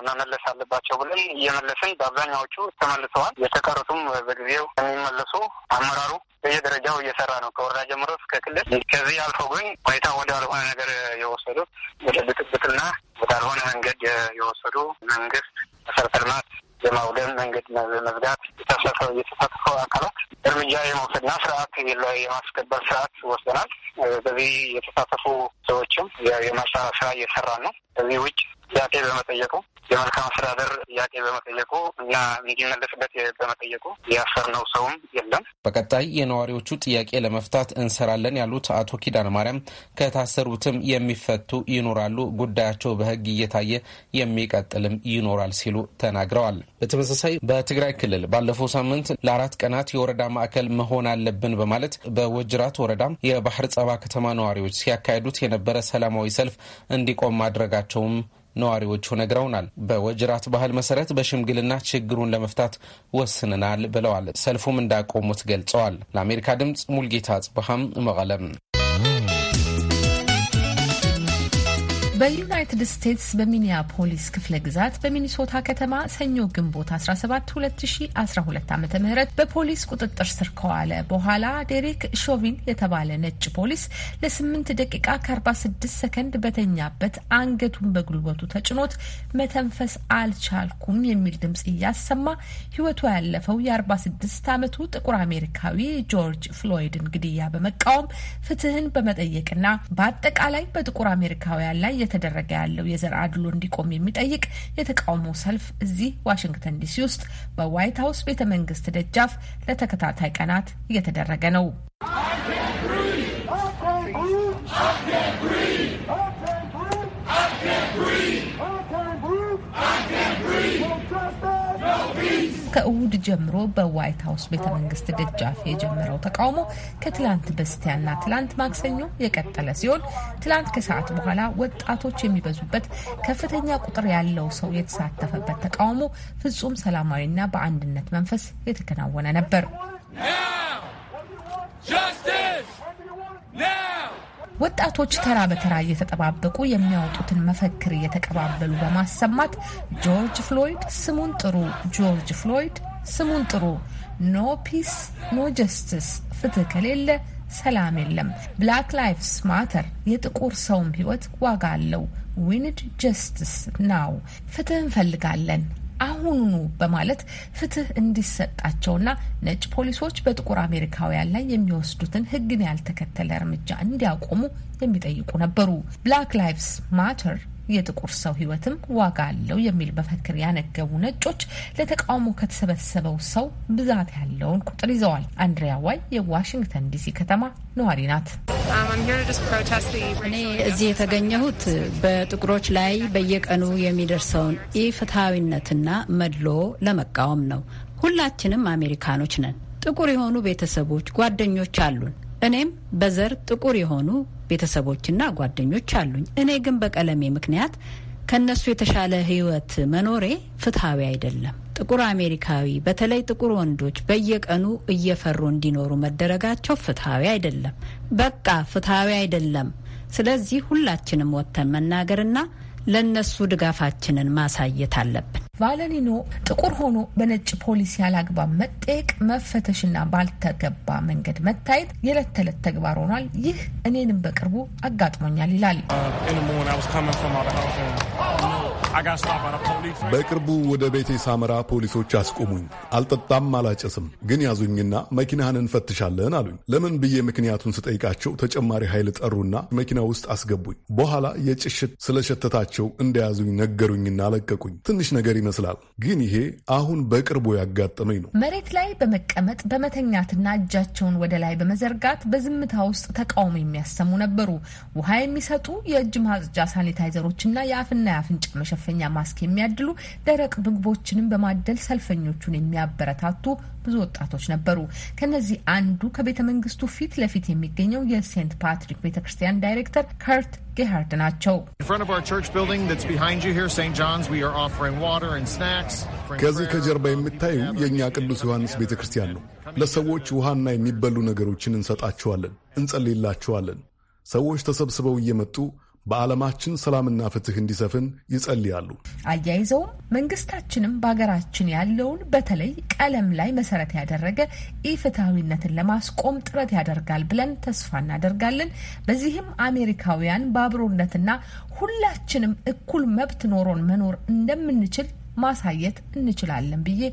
መመለስ አለባቸው ብለን እየመለስን በአብዛኛዎቹ ተመልሰዋል። የተቀሩትም በጊዜው የሚመለሱ አመራሩ በየደረጃው እየሰራ ነው ከወረዳ ጀምሮ እስከ ክልል። ከዚህ አልፎ ግን ሁኔታ አልሆነ ነገር የወሰዱ ወደ ብጥብጥና አልሆነ መንገድ የወሰዱ መንግስት መሰረተ ልማት የማውደም መንገድ መዝጋት የተሳተፈው አካላት እርምጃ የመውሰድና ስርዓት የማስከበር ስርዓት ወስደናል። በዚህ የተሳተፉ ሰዎችም የማሻ ስራ እየሰራ ነው። በዚህ ውጭ ጥያቄ በመጠየቁ የመልካም አስተዳደር ጥያቄ በመጠየቁ እና እንዲመለስበት በመጠየቁ ያሰርነው ሰውም የለም። በቀጣይ የነዋሪዎቹ ጥያቄ ለመፍታት እንሰራለን ያሉት አቶ ኪዳነ ማርያም ከታሰሩትም የሚፈቱ ይኖራሉ፣ ጉዳያቸው በህግ እየታየ የሚቀጥልም ይኖራል ሲሉ ተናግረዋል። በተመሳሳይ በትግራይ ክልል ባለፈው ሳምንት ለአራት ቀናት የወረዳ ማዕከል መሆን አለብን በማለት በወጅራት ወረዳ የባህር ጸባ ከተማ ነዋሪዎች ሲያካሂዱት የነበረ ሰላማዊ ሰልፍ እንዲቆም ማድረጋቸውም ነዋሪዎቹ ነግረውናል። በወጅራት ባህል መሰረት በሽምግልና ችግሩን ለመፍታት ወስንናል ብለዋል። ሰልፉም እንዳቆሙት ገልጸዋል። ለአሜሪካ ድምፅ ሙልጌታ ጽብሃም መቀለም በዩናይትድ ስቴትስ በሚኒያፖሊስ ክፍለ ግዛት በሚኒሶታ ከተማ ሰኞ ግንቦት 17 2012 ዓ ም በፖሊስ ቁጥጥር ስር ከዋለ በኋላ ዴሪክ ሾቪን የተባለ ነጭ ፖሊስ ለ8 ደቂቃ ከ46 ሰከንድ በተኛበት አንገቱን በጉልበቱ ተጭኖት መተንፈስ አልቻልኩም የሚል ድምፅ እያሰማ ህይወቱ ያለፈው የ46 ዓመቱ ጥቁር አሜሪካዊ ጆርጅ ፍሎይድን ግድያ በመቃወም ፍትህን በመጠየቅና በአጠቃላይ በጥቁር አሜሪካውያን ላይ እየተደረገ ያለው የዘር አድሎ እንዲቆም የሚጠይቅ የተቃውሞ ሰልፍ እዚህ ዋሽንግተን ዲሲ ውስጥ በዋይት ሀውስ ቤተ መንግስት ደጃፍ ለተከታታይ ቀናት እየተደረገ ነው። ከእሁድ ጀምሮ በዋይት ሀውስ ቤተ መንግስት ደጃፍ የጀመረው ተቃውሞ ከትላንት በስቲያና ትላንት ማክሰኞ የቀጠለ ሲሆን ትላንት ከሰዓት በኋላ ወጣቶች የሚበዙበት ከፍተኛ ቁጥር ያለው ሰው የተሳተፈበት ተቃውሞ ፍጹም ሰላማዊና በአንድነት መንፈስ የተከናወነ ነበር። Now! Justice! Now! ወጣቶች ተራ በተራ እየተጠባበቁ የሚያወጡትን መፈክር እየተቀባበሉ በማሰማት ጆርጅ ፍሎይድ ስሙን ጥሩ፣ ጆርጅ ፍሎይድ ስሙን ጥሩ፣ ኖ ፒስ ኖ ጀስትስ፣ ፍትህ ከሌለ ሰላም የለም፣ ብላክ ላይፍስ ማተር፣ የጥቁር ሰውም ህይወት ዋጋ አለው፣ ዊንድ ጀስትስ ናው፣ ፍትህ እንፈልጋለን አሁኑኑ በማለት ፍትህ እንዲሰጣቸውና ነጭ ፖሊሶች በጥቁር አሜሪካውያን ላይ የሚወስዱትን ህግን ያልተከተለ እርምጃ እንዲያቆሙ የሚጠይቁ ነበሩ። ብላክ ላይቭስ ማተር የጥቁር ሰው ሕይወትም ዋጋ አለው የሚል መፈክር ያነገቡ ነጮች ለተቃውሞ ከተሰበሰበው ሰው ብዛት ያለውን ቁጥር ይዘዋል። አንድሪያ ዋይ የዋሽንግተን ዲሲ ከተማ ነዋሪ ናት። እኔ እዚህ የተገኘሁት በጥቁሮች ላይ በየቀኑ የሚደርሰውን ኢፍትሐዊነትና መድሎ ለመቃወም ነው። ሁላችንም አሜሪካኖች ነን። ጥቁር የሆኑ ቤተሰቦች፣ ጓደኞች አሉን። እኔም በዘር ጥቁር የሆኑ ቤተሰቦችና ጓደኞች አሉኝ። እኔ ግን በቀለሜ ምክንያት ከእነሱ የተሻለ ህይወት መኖሬ ፍትሐዊ አይደለም። ጥቁር አሜሪካዊ በተለይ ጥቁር ወንዶች በየቀኑ እየፈሩ እንዲኖሩ መደረጋቸው ፍትሐዊ አይደለም። በቃ ፍትሐዊ አይደለም። ስለዚህ ሁላችንም ወጥተን መናገርና ለእነሱ ድጋፋችንን ማሳየት አለብን። ቫለኒኖ ጥቁር ሆኖ በነጭ ፖሊስ ያላግባብ መጠየቅ፣ መፈተሽና ባልተገባ መንገድ መታየት የዕለት ተዕለት ተግባር ሆኗል። ይህ እኔንም በቅርቡ አጋጥሞኛል ይላል። በቅርቡ ወደ ቤቴ ሳመራ ፖሊሶች አስቆሙኝ። አልጠጣም፣ አላጨስም፣ ግን ያዙኝና መኪናህን እንፈትሻለን አሉኝ። ለምን ብዬ ምክንያቱን ስጠይቃቸው ተጨማሪ ኃይል ጠሩና መኪና ውስጥ አስገቡኝ። በኋላ የጭሽት ስለሸተታቸው እንደያዙኝ ነገሩኝና ለቀቁኝ። ትንሽ ነገር ይመስላል። ግን ይሄ አሁን በቅርቡ ያጋጠመኝ ነው። መሬት ላይ በመቀመጥ በመተኛትና እጃቸውን ወደ ላይ በመዘርጋት በዝምታ ውስጥ ተቃውሞ የሚያሰሙ ነበሩ። ውሃ የሚሰጡ የእጅ ማጽጃ ሳኒታይዘሮችና የአፍና የአፍንጫ መሸፈኛ ማስክ የሚያድሉ ደረቅ ምግቦችንም በማደል ሰልፈኞቹን የሚያበረታቱ ብዙ ወጣቶች ነበሩ። ከነዚህ አንዱ ከቤተ መንግስቱ ፊት ለፊት የሚገኘው የሴንት ፓትሪክ ቤተ ክርስቲያን ዳይሬክተር ከርት ጌሃርድ ናቸው። ከዚህ ከጀርባ uh, የምታዩ የእኛ ቅዱስ ዮሐንስ ቤተ ክርስቲያን ነው። ለሰዎች ውሃና የሚበሉ ነገሮችን እንሰጣቸዋለን፣ እንጸልይላችኋለን። ሰዎች ተሰብስበው እየመጡ በዓለማችን ሰላምና ፍትህ እንዲሰፍን ይጸልያሉ። አያይዘውም መንግስታችንም በሀገራችን ያለውን በተለይ ቀለም ላይ መሰረት ያደረገ ኢፍትሐዊነትን ለማስቆም ጥረት ያደርጋል ብለን ተስፋ እናደርጋለን። በዚህም አሜሪካውያን በአብሮነትና ሁላችንም እኩል መብት ኖሮን መኖር እንደምንችል ማሳየት እንችላለን ብዬ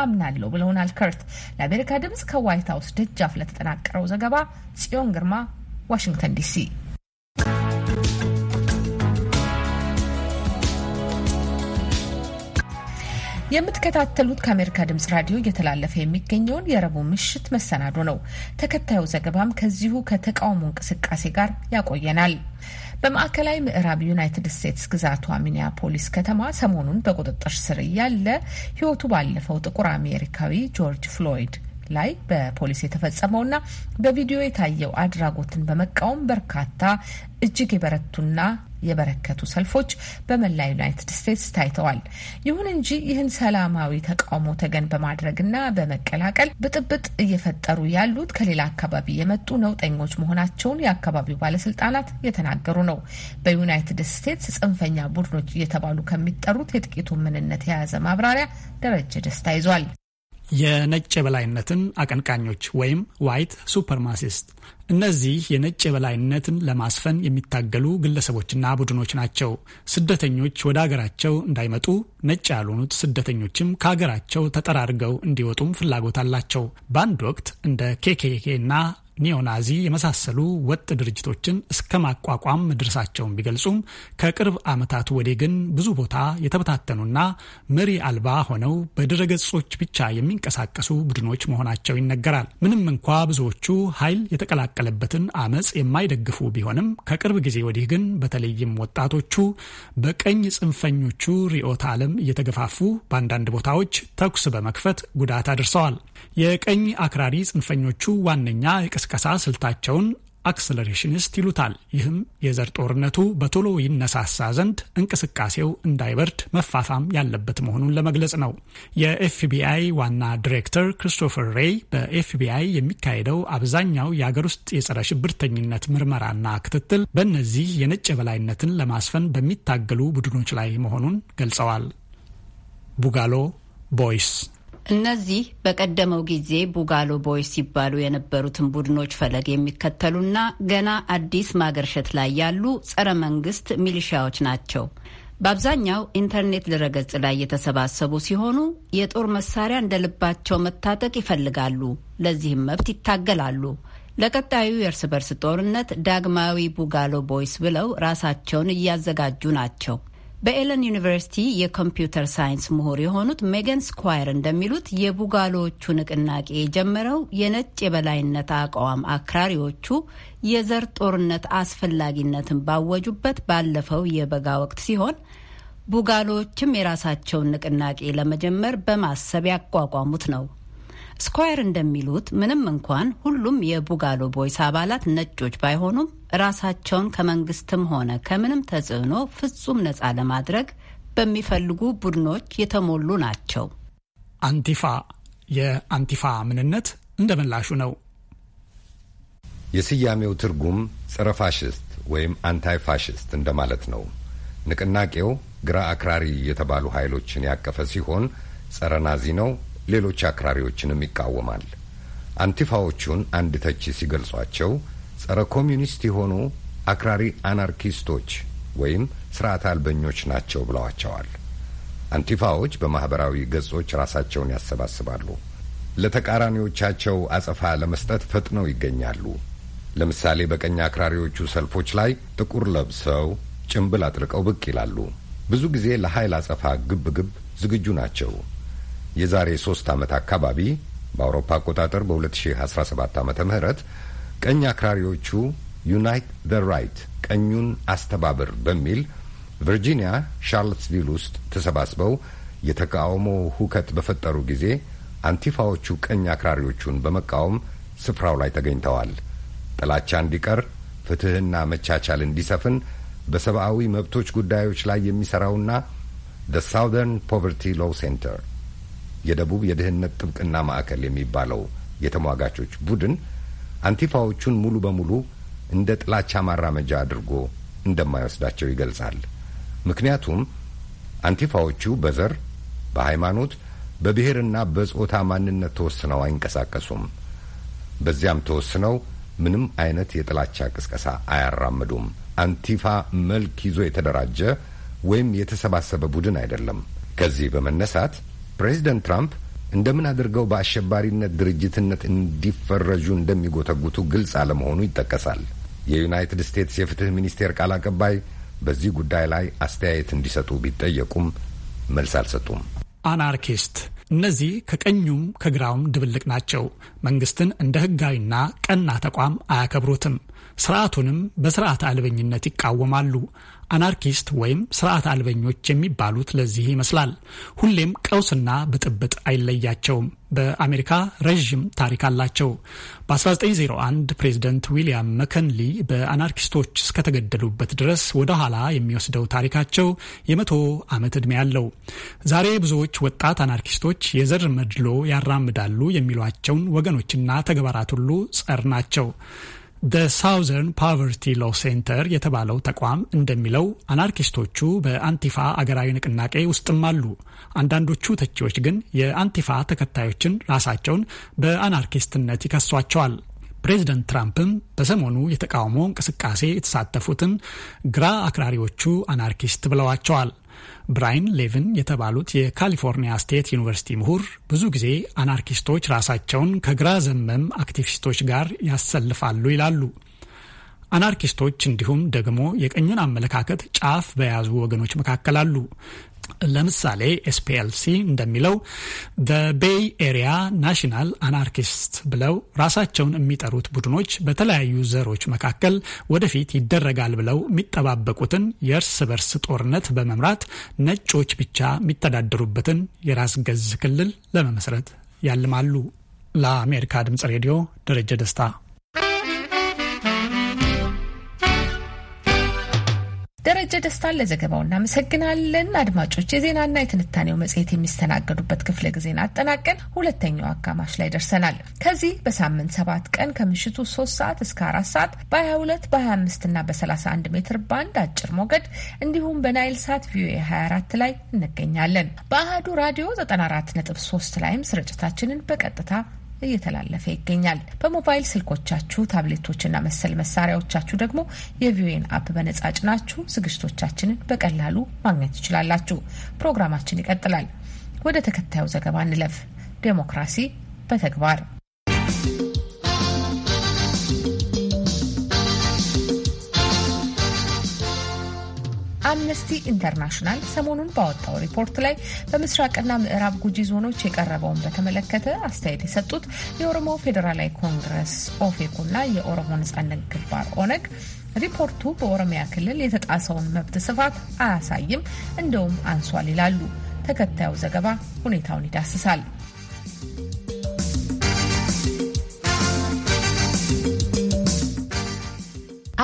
አምናለሁ ብለውናል ከርት። ለአሜሪካ ድምፅ ከዋይት ሀውስ ደጃፍ ለተጠናቀረው ዘገባ ጽዮን ግርማ፣ ዋሽንግተን ዲሲ። የምትከታተሉት ከአሜሪካ ድምጽ ራዲዮ እየተላለፈ የሚገኘውን የረቡዕ ምሽት መሰናዶ ነው። ተከታዩ ዘገባም ከዚሁ ከተቃውሞ እንቅስቃሴ ጋር ያቆየናል። በማዕከላዊ ምዕራብ ዩናይትድ ስቴትስ ግዛቷ ሚኒያፖሊስ ከተማ ሰሞኑን በቁጥጥር ስር እያለ ሕይወቱ ባለፈው ጥቁር አሜሪካዊ ጆርጅ ፍሎይድ ላይ በፖሊስ የተፈጸመውና በቪዲዮ የታየው አድራጎትን በመቃወም በርካታ እጅግ የበረቱና የበረከቱ ሰልፎች በመላ ዩናይትድ ስቴትስ ታይተዋል። ይሁን እንጂ ይህን ሰላማዊ ተቃውሞ ተገን በማድረግና በመቀላቀል ብጥብጥ እየፈጠሩ ያሉት ከሌላ አካባቢ የመጡ ነውጠኞች መሆናቸውን የአካባቢው ባለስልጣናት የተናገሩ ነው። በዩናይትድ ስቴትስ ጽንፈኛ ቡድኖች እየተባሉ ከሚጠሩት የጥቂቱ ምንነት የያዘ ማብራሪያ ደረጀ ደስታ ይዟል። የነጭ የበላይነትን አቀንቃኞች ወይም ዋይት ሱፐርማሲስት እነዚህ የነጭ የበላይነትን ለማስፈን የሚታገሉ ግለሰቦችና ቡድኖች ናቸው። ስደተኞች ወደ አገራቸው እንዳይመጡ ነጭ ያልሆኑት ስደተኞችም ከሀገራቸው ተጠራርገው እንዲወጡም ፍላጎት አላቸው። በአንድ ወቅት እንደ ኬኬኬ እና ኒዮናዚ የመሳሰሉ ወጥ ድርጅቶችን እስከ ማቋቋም መድረሳቸውን ቢገልጹም ከቅርብ ዓመታት ወዲህ ግን ብዙ ቦታ የተበታተኑና መሪ አልባ ሆነው በድረገጾች ብቻ የሚንቀሳቀሱ ቡድኖች መሆናቸው ይነገራል። ምንም እንኳ ብዙዎቹ ኃይል የተቀላቀለበትን አመፅ የማይደግፉ ቢሆንም ከቅርብ ጊዜ ወዲህ ግን በተለይም ወጣቶቹ በቀኝ ጽንፈኞቹ ርዕዮተ ዓለም እየተገፋፉ በአንዳንድ ቦታዎች ተኩስ በመክፈት ጉዳት አድርሰዋል። የቀኝ አክራሪ ጽንፈኞቹ ዋነኛ ቅስቀሳ ስልታቸውን አክስለሬሽንስት ይሉታል። ይህም የዘር ጦርነቱ በቶሎ ይነሳሳ ዘንድ እንቅስቃሴው እንዳይበርድ መፋፋም ያለበት መሆኑን ለመግለጽ ነው። የኤፍቢአይ ዋና ዲሬክተር ክሪስቶፈር ሬይ በኤፍቢአይ የሚካሄደው አብዛኛው የአገር ውስጥ የጸረ ሽብርተኝነት ምርመራና ክትትል በእነዚህ የነጭ የበላይነትን ለማስፈን በሚታገሉ ቡድኖች ላይ መሆኑን ገልጸዋል። ቡጋሎ ቦይስ እነዚህ በቀደመው ጊዜ ቡጋሎ ቦይስ ሲባሉ የነበሩትን ቡድኖች ፈለግ የሚከተሉና ገና አዲስ ማገርሸት ላይ ያሉ ጸረ መንግስት ሚሊሻዎች ናቸው። በአብዛኛው ኢንተርኔት ድረገጽ ላይ የተሰባሰቡ ሲሆኑ የጦር መሳሪያ እንደ ልባቸው መታጠቅ ይፈልጋሉ። ለዚህም መብት ይታገላሉ። ለቀጣዩ የእርስ በርስ ጦርነት ዳግማዊ ቡጋሎ ቦይስ ብለው ራሳቸውን እያዘጋጁ ናቸው። በኤለን ዩኒቨርሲቲ የኮምፒውተር ሳይንስ ምሁር የሆኑት ሜገን ስኳየር እንደሚሉት የቡጋሎዎቹ ንቅናቄ የጀመረው የነጭ የበላይነት አቋም አክራሪዎቹ የዘር ጦርነት አስፈላጊነትን ባወጁበት ባለፈው የበጋ ወቅት ሲሆን ቡጋሎዎችም የራሳቸውን ንቅናቄ ለመጀመር በማሰብ ያቋቋሙት ነው። ስኳየር እንደሚሉት ምንም እንኳን ሁሉም የቡጋሎ ቦይስ አባላት ነጮች ባይሆኑም ራሳቸውን ከመንግስትም ሆነ ከምንም ተጽዕኖ ፍጹም ነጻ ለማድረግ በሚፈልጉ ቡድኖች የተሞሉ ናቸው። አንቲፋ የአንቲፋ ምንነት እንደ ምላሹ ነው። የስያሜው ትርጉም ጸረ ፋሽስት ወይም አንታይ ፋሽስት እንደማለት ነው። ንቅናቄው ግራ አክራሪ የተባሉ ኃይሎችን ያቀፈ ሲሆን ጸረ ናዚ ነው፣ ሌሎች አክራሪዎችንም ይቃወማል። አንቲፋዎቹን አንድ ተቺ ሲገልጿቸው ጸረ ኮሚኒስት የሆኑ አክራሪ አናርኪስቶች ወይም ስርዓት አልበኞች ናቸው ብለዋቸዋል። አንቲፋዎች በማኅበራዊ ገጾች ራሳቸውን ያሰባስባሉ። ለተቃራኒዎቻቸው አጸፋ ለመስጠት ፈጥነው ይገኛሉ። ለምሳሌ በቀኝ አክራሪዎቹ ሰልፎች ላይ ጥቁር ለብሰው ጭምብል አጥልቀው ብቅ ይላሉ። ብዙ ጊዜ ለኃይል አጸፋ ግብ ግብ ዝግጁ ናቸው። የዛሬ ሶስት ዓመት አካባቢ በአውሮፓ አቆጣጠር በ2017 ዓ ም ቀኝ አክራሪዎቹ ዩናይት ዘ ራይት ቀኙን አስተባብር በሚል ቨርጂኒያ ሻርልስቪል ውስጥ ተሰባስበው የተቃውሞ ሁከት በፈጠሩ ጊዜ አንቲፋዎቹ ቀኝ አክራሪዎቹን በመቃወም ስፍራው ላይ ተገኝተዋል። ጥላቻ እንዲቀር፣ ፍትሕና መቻቻል እንዲሰፍን በሰብአዊ መብቶች ጉዳዮች ላይ የሚሠራውና ዘ ሳውዘርን ፖቨርቲ ሎው ሴንተር የደቡብ የድህነት ጥብቅና ማዕከል የሚባለው የተሟጋቾች ቡድን አንቲፋዎቹን ሙሉ በሙሉ እንደ ጥላቻ ማራመጃ አድርጎ እንደማይወስዳቸው ይገልጻል። ምክንያቱም አንቲፋዎቹ በዘር፣ በሃይማኖት፣ በብሔርና በጾታ ማንነት ተወስነው አይንቀሳቀሱም። በዚያም ተወስነው ምንም አይነት የጥላቻ ቅስቀሳ አያራምዱም። አንቲፋ መልክ ይዞ የተደራጀ ወይም የተሰባሰበ ቡድን አይደለም። ከዚህ በመነሳት ፕሬዚደንት ትራምፕ እንደምን አድርገው በአሸባሪነት ድርጅትነት እንዲፈረጁ እንደሚጎተጉቱ ግልጽ አለመሆኑ ይጠቀሳል። የዩናይትድ ስቴትስ የፍትህ ሚኒስቴር ቃል አቀባይ በዚህ ጉዳይ ላይ አስተያየት እንዲሰጡ ቢጠየቁም መልስ አልሰጡም። አናርኪስት እነዚህ ከቀኙም ከግራውም ድብልቅ ናቸው። መንግስትን እንደ ህጋዊና ቀና ተቋም አያከብሩትም። ስርዓቱንም በስርዓት አልበኝነት ይቃወማሉ። አናርኪስት ወይም ስርዓት አልበኞች የሚባሉት ለዚህ ይመስላል። ሁሌም ቀውስና ብጥብጥ አይለያቸውም። በአሜሪካ ረዥም ታሪክ አላቸው። በ1901 ፕሬዚደንት ዊሊያም መከንሊ በአናርኪስቶች እስከተገደሉበት ድረስ ወደ ኋላ የሚወስደው ታሪካቸው የመቶ ዓመት ዕድሜ ያለው። ዛሬ ብዙዎች ወጣት አናርኪስቶች የዘር መድሎ ያራምዳሉ የሚሏቸውን ወገኖችና ተግባራት ሁሉ ጸር ናቸው። ደ ሳውዘርን ፓቨርቲ ሎ ሴንተር የተባለው ተቋም እንደሚለው አናርኪስቶቹ በአንቲፋ አገራዊ ንቅናቄ ውስጥም አሉ። አንዳንዶቹ ተቺዎች ግን የአንቲፋ ተከታዮችን ራሳቸውን በአናርኪስትነት ይከሷቸዋል። ፕሬዚደንት ትራምፕም በሰሞኑ የተቃውሞ እንቅስቃሴ የተሳተፉትን ግራ አክራሪዎቹ አናርኪስት ብለዋቸዋል። ብራይን ሌቪን የተባሉት የካሊፎርኒያ ስቴት ዩኒቨርሲቲ ምሁር ብዙ ጊዜ አናርኪስቶች ራሳቸውን ከግራ ዘመም አክቲቪስቶች ጋር ያሰልፋሉ ይላሉ። አናርኪስቶች እንዲሁም ደግሞ የቀኙን አመለካከት ጫፍ በያዙ ወገኖች መካከል አሉ። ለምሳሌ ኤስፒኤልሲ እንደሚለው ቤይ ኤሪያ ናሽናል አናርኪስት ብለው ራሳቸውን የሚጠሩት ቡድኖች በተለያዩ ዘሮች መካከል ወደፊት ይደረጋል ብለው የሚጠባበቁትን የእርስ በርስ ጦርነት በመምራት ነጮች ብቻ የሚተዳደሩበትን የራስ ገዝ ክልል ለመመስረት ያልማሉ። ለአሜሪካ ድምጽ ሬዲዮ ደረጀ ደስታ ደረጀ ደስታን ለዘገባው እናመሰግናለን። አድማጮች፣ የዜናና የትንታኔው መጽሔት የሚስተናገዱበት ክፍለ ጊዜን አጠናቀን ሁለተኛው አጋማሽ ላይ ደርሰናል። ከዚህ በሳምንት ሰባት ቀን ከምሽቱ ሶስት ሰዓት እስከ አራት ሰዓት በ22 በ25 እና በ31 ሜትር ባንድ አጭር ሞገድ እንዲሁም በናይል ሳት ቪኦኤ 24 ላይ እንገኛለን። በአህዱ ራዲዮ 94.3 ላይም ስርጭታችንን በቀጥታ እየተላለፈ ይገኛል። በሞባይል ስልኮቻችሁ፣ ታብሌቶችና መሰል መሳሪያዎቻችሁ ደግሞ የቪኦኤን አፕ በነጻ ጭናችሁ ዝግጅቶቻችንን በቀላሉ ማግኘት ትችላላችሁ። ፕሮግራማችን ይቀጥላል። ወደ ተከታዩ ዘገባ እንለፍ። ዴሞክራሲ በተግባር አምነስቲ ኢንተርናሽናል ሰሞኑን ባወጣው ሪፖርት ላይ በምስራቅና ምዕራብ ጉጂ ዞኖች የቀረበውን በተመለከተ አስተያየት የሰጡት የኦሮሞ ፌዴራላዊ ኮንግረስ ኦፌኮና የኦሮሞ ነጻነት ግንባር ኦነግ ሪፖርቱ በኦሮሚያ ክልል የተጣሰውን መብት ስፋት አያሳይም፣ እንደውም አንሷል ይላሉ። ተከታዩ ዘገባ ሁኔታውን ይዳስሳል።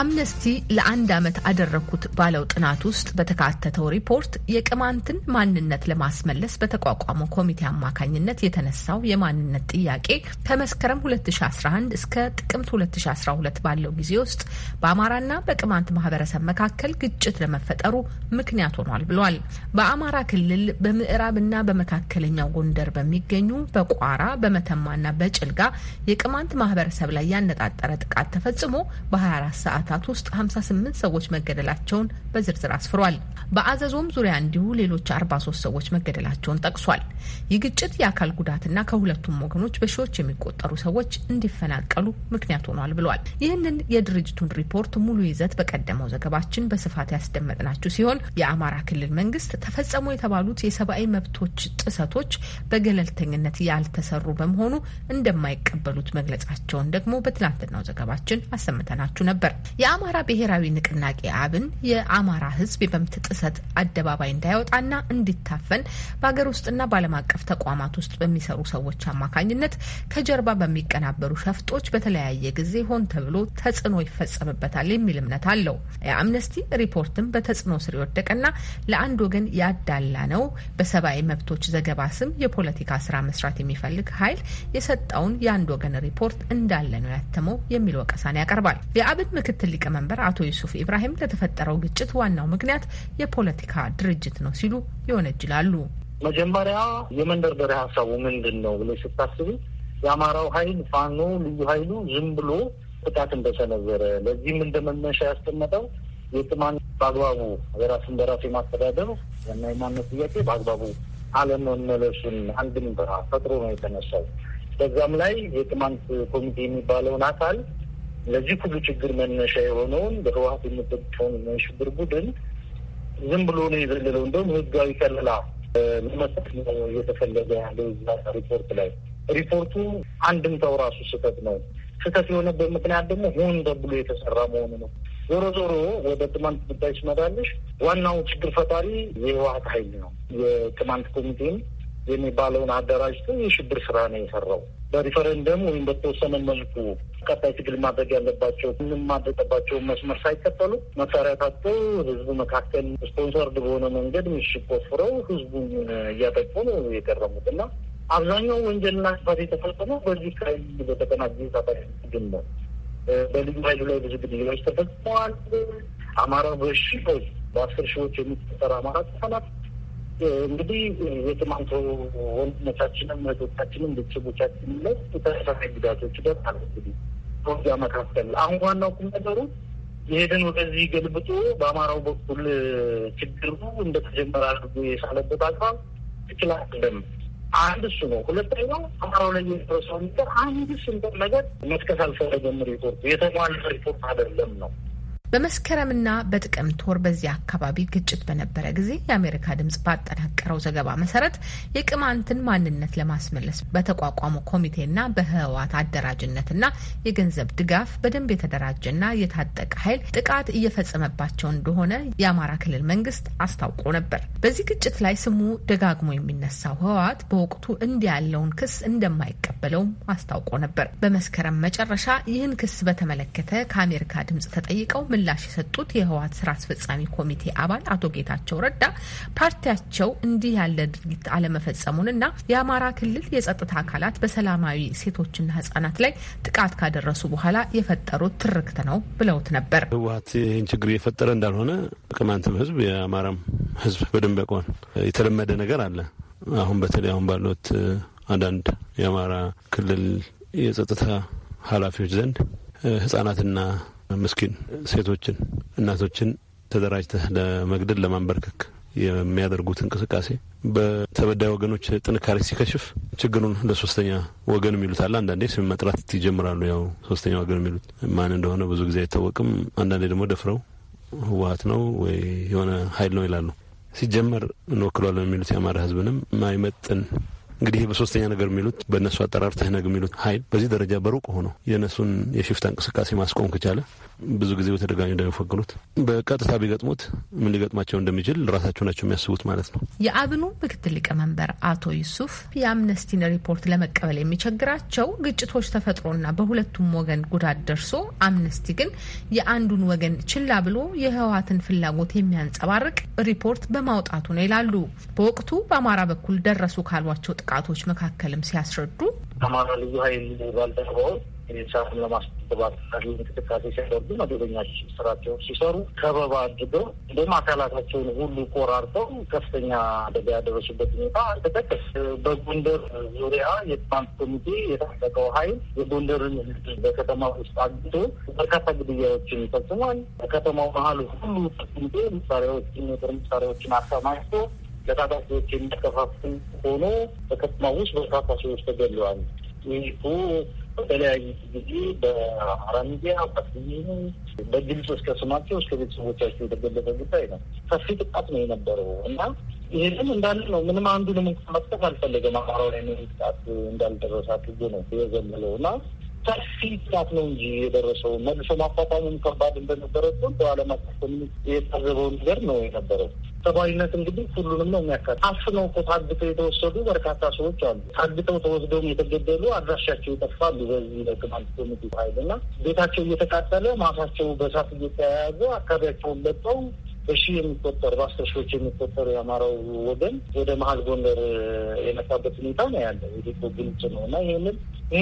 አምነስቲ ለአንድ ዓመት አደረግኩት ባለው ጥናት ውስጥ በተካተተው ሪፖርት የቅማንትን ማንነት ለማስመለስ በተቋቋመው ኮሚቴ አማካኝነት የተነሳው የማንነት ጥያቄ ከመስከረም 2011 እስከ ጥቅምት 2012 ባለው ጊዜ ውስጥ በአማራና በቅማንት ማህበረሰብ መካከል ግጭት ለመፈጠሩ ምክንያት ሆኗል ብሏል። በአማራ ክልል በምዕራብና በመካከለኛው ጎንደር በሚገኙ በቋራ በመተማና በጭልጋ የቅማንት ማህበረሰብ ላይ ያነጣጠረ ጥቃት ተፈጽሞ በ24 ሰዓት ሰዓታት ውስጥ 58 ሰዎች መገደላቸውን በዝርዝር አስፍሯል። በአዘዞም ዙሪያ እንዲሁ ሌሎች 43 ሰዎች መገደላቸውን ጠቅሷል። ይህ ግጭት የአካል ጉዳትና ከሁለቱም ወገኖች በሺዎች የሚቆጠሩ ሰዎች እንዲፈናቀሉ ምክንያት ሆኗል ብሏል። ይህንን የድርጅቱን ሪፖርት ሙሉ ይዘት በቀደመው ዘገባችን በስፋት ያስደመጥናችሁ ሲሆን የአማራ ክልል መንግስት ተፈጸሙ የተባሉት የሰብአዊ መብቶች ጥሰቶች በገለልተኝነት ያልተሰሩ በመሆኑ እንደማይቀበሉት መግለጻቸውን ደግሞ በትናንትናው ዘገባችን አሰምተናችሁ ነበር። የአማራ ብሔራዊ ንቅናቄ አብን የአማራ ሕዝብ የመብት ጥሰት አደባባይ እንዳይወጣና እንዲታፈን በሀገር ውስጥና በዓለም አቀፍ ተቋማት ውስጥ በሚሰሩ ሰዎች አማካኝነት ከጀርባ በሚቀናበሩ ሸፍጦች በተለያየ ጊዜ ሆን ተብሎ ተጽዕኖ ይፈጸምበታል የሚል እምነት አለው። የአምነስቲ ሪፖርትም በተጽዕኖ ስር የወደቀና ለአንድ ወገን ያዳላ ነው፣ በሰብአዊ መብቶች ዘገባ ስም የፖለቲካ ስራ መስራት የሚፈልግ ኃይል የሰጠውን የአንድ ወገን ሪፖርት እንዳለ ነው ያተመው የሚል ወቀሳን ያቀርባል። የአብን ምክትል ምክትል ሊቀመንበር አቶ ዩሱፍ ኢብራሂም ለተፈጠረው ግጭት ዋናው ምክንያት የፖለቲካ ድርጅት ነው ሲሉ ይወነጅላሉ። መጀመሪያ የመንደርደሪያ ሀሳቡ ምንድን ነው ብሎ ስታስቡ የአማራው ኃይል ፋኖ ልዩ ኃይሉ ዝም ብሎ ጥቃት እንደሰነዘረ ለዚህም እንደመነሻ ያስቀመጠው የጥማን በአግባቡ የራስን በራሱ የማስተዳደር እና የማነት ጥያቄ በአግባቡ አለመመለሱን አንድምታ ፈጥሮ ነው የተነሳው። በዛም ላይ የቅማንት ኮሚቴ የሚባለውን አካል ለዚህ ሁሉ ችግር መነሻ የሆነውን በህወሀት የምጠቀውን ሽብር ቡድን ዝም ብሎ ነው የዘለለው። እንደውም ህጋዊ ከለላ ለመስጠት ነው እየተፈለገ ያለው ሪፖርት ላይ። ሪፖርቱ ተው ራሱ ስህተት ነው። ስህተት የሆነበት ምክንያት ደግሞ ሆን ተብሎ የተሰራ መሆኑ ነው። ዞሮ ዞሮ ወደ ቅማንት ጉዳይ ስመጣልሽ ዋናው ችግር ፈጣሪ የህወሀት ኃይል ነው። የቅማንት ኮሚቴም የሚባለውን አደራጅቶ የሽብር ስራ ነው የሰራው። በሪፈረንደም ወይም በተወሰነ መልኩ ቀጣይ ትግል ማድረግ ያለባቸው ምንም ማድረግባቸውን መስመር ሳይከተሉ መሳሪያ ታጥተው ህዝቡ መካከል ስፖንሰርድ በሆነ መንገድ ምሽግ ቆፍረው ህዝቡን እያጠቁ ነው የቀረሙት እና አብዛኛው ወንጀልና ስፋት የተፈጸመው በዚህ ከይል በተቀናጀ ታጣቂ ቡድን ነው። በልዩ ኃይሉ ላይ ብዙ ግድያዎች ተፈጽመዋል። አማራ በሺዎች በአስር ሺዎች የሚቆጠር አማራ ተፈናቅሏል። እንግዲህ የትናንቱ ወንድሞቻችንም እህቶቻችንም ቤተሰቦቻችንም ላይ የተለያዩ ጉዳቶች ይደርሳሉ። እንግዲህ በዚያ መካከል አሁን ዋናው ቁም ነገሩ ይሄድን ወደዚህ ገልብጦ በአማራው በኩል ችግሩ እንደተጀመረ አድርጎ የሳለበት አግባብ ትክክል አይደለም። አንድ እሱ ነው። ሁለተኛው አማራው ላይ የደረሰው ነገር አንድ ስንት ነገር መጥቀስ አልፈለገም። ሪፖርቱ የተሟላ ሪፖርት አይደለም ነው በመስከረምና በጥቅምት ወር በዚያ አካባቢ ግጭት በነበረ ጊዜ የአሜሪካ ድምጽ ባጠናቀረው ዘገባ መሰረት የቅማንትን ማንነት ለማስመለስ በተቋቋመው ኮሚቴና በህወሓት አደራጅነትና የገንዘብ ድጋፍ በደንብ የተደራጀና የታጠቀ ኃይል ጥቃት እየፈጸመባቸው እንደሆነ የአማራ ክልል መንግስት አስታውቆ ነበር። በዚህ ግጭት ላይ ስሙ ደጋግሞ የሚነሳው ህወሓት በወቅቱ እንዲህ ያለውን ክስ እንደማይቀበለውም አስታውቆ ነበር። በመስከረም መጨረሻ ይህን ክስ በተመለከተ ከአሜሪካ ድምጽ ተጠይቀው ምላሽ የሰጡት የህወሀት ስራ አስፈጻሚ ኮሚቴ አባል አቶ ጌታቸው ረዳ ፓርቲያቸው እንዲህ ያለ ድርጊት አለመፈጸሙንና የአማራ ክልል የጸጥታ አካላት በሰላማዊ ሴቶችና ህጻናት ላይ ጥቃት ካደረሱ በኋላ የፈጠሩት ትርክት ነው ብለውት ነበር። ህወሀት ይህን ችግር የፈጠረ እንዳልሆነ ቅማንትም ህዝብ የአማራም ህዝብ በደንብ ያውቀዋል። የተለመደ ነገር አለ። አሁን በተለይ አሁን ባሉት አንዳንድ የአማራ ክልል የጸጥታ ኃላፊዎች ዘንድ ህጻናትና ምስኪን ሴቶችን፣ እናቶችን ተደራጅተህ ለመግደል ለማንበርከክ የሚያደርጉት እንቅስቃሴ በተበዳይ ወገኖች ጥንካሬ ሲከሽፍ ችግሩን ለሶስተኛ ወገን የሚሉት አለ። አንዳንዴ ስም መጥራት ይጀምራሉ። ያው ሶስተኛ ወገን የሚሉት ማን እንደሆነ ብዙ ጊዜ አይታወቅም። አንዳንዴ ደግሞ ደፍረው ህወሀት ነው ወይ የሆነ ሀይል ነው ይላሉ። ሲጀመር እንወክሏለን የሚሉት የአማራ ህዝብንም ማይመጥን እንግዲህ በሶስተኛ ነገር የሚሉት በእነሱ አጠራር ትህነግ የሚሉት ሀይል በዚህ ደረጃ በሩቅ ሆኖ የእነሱን የሽፍታ እንቅስቃሴ ማስቆም ከቻለ ብዙ ጊዜ በተደጋጋሚ እንደሚፈግኑት በቀጥታ ቢገጥሙት ምን ሊገጥማቸው እንደሚችል ራሳቸው ናቸው የሚያስቡት ማለት ነው። የአብኑ ምክትል ሊቀመንበር አቶ ዩሱፍ የአምነስቲን ሪፖርት ለመቀበል የሚቸግራቸው ግጭቶች ተፈጥሮና በሁለቱም ወገን ጉዳት ደርሶ አምነስቲ ግን የአንዱን ወገን ችላ ብሎ የህወሓትን ፍላጎት የሚያንጸባርቅ ሪፖርት በማውጣቱ ነው ይላሉ። በወቅቱ በአማራ በኩል ደረሱ ካሏቸው ጥቃቶች መካከልም ሲያስረዱ አማራ ልዩ ኃይል ባልደረባው የተሻሉን ለማስተባት እንቅስቃሴ ሲያደርጉ መደበኛ ስራቸውን ሲሰሩ ከበባ አድርገው እንዲሁም አካላታቸውን ሁሉ ቆራርጠው ከፍተኛ አደጋ ያደረሱበት ሁኔታ ተጠቀስ። በጎንደር ዙሪያ የትናንት ኮሚቴ የታጠቀው ኃይል የጎንደርን ሕዝብ በከተማ ውስጥ አግቶ በርካታ ግድያዎችን ፈጽሟል። በከተማው መሀል ሁሉ ኮሚቴ መሳሪያዎችን የጦር መሳሪያዎችን አከማችቶ ለታጣቂዎች የሚያከፋፍል ሆኖ በከተማ ውስጥ በርካታ ሰዎች ተገለዋል። ይህ በተለያዩ ጊዜ በአማራ ሚዲያ ፓርቲሚኒ በግልጽ እስከ ስማቸው እስከ ቤተሰቦቻቸው የተገለጸ ጉዳይ ነው። ሰፊ ጥቃት ነው የነበረው እና ይህንም እንዳለ ነው። ምንም አንዱንም መጥቀስ አልፈለገም። አማራው ላይ ምን ጥቃት እንዳልደረሳት ነው የዘለለው እና ሰፊ ጥቃት ነው እንጂ የደረሰው መልሶ ማቋቋሙም ከባድ እንደነበረብን በዓለም አቀፍ ኮሚኒቲ የታዘበው ነገር ነው የነበረው። ሰብአዊነት እንግዲህ ሁሉንም ነው የሚያካት አፍነው እኮ ታግተው የተወሰዱ በርካታ ሰዎች አሉ። ታግተው ተወስደውም የተገደሉ አድራሻቸው ይጠፋሉ። በዚህ በቅማንት ኮሚኒቲ ኃይል እና ቤታቸው እየተቃጠለ ማሳቸው በሳት እየተያያዘ አካባቢያቸውን ለቀው በሺ የሚቆጠር በአስር ሺዎች የሚቆጠሩ የአማራው ወገን ወደ መሀል ጎንደር የመጣበት ሁኔታ ነው ያለ የዴቶ ግልጽ ነው እና ይህንን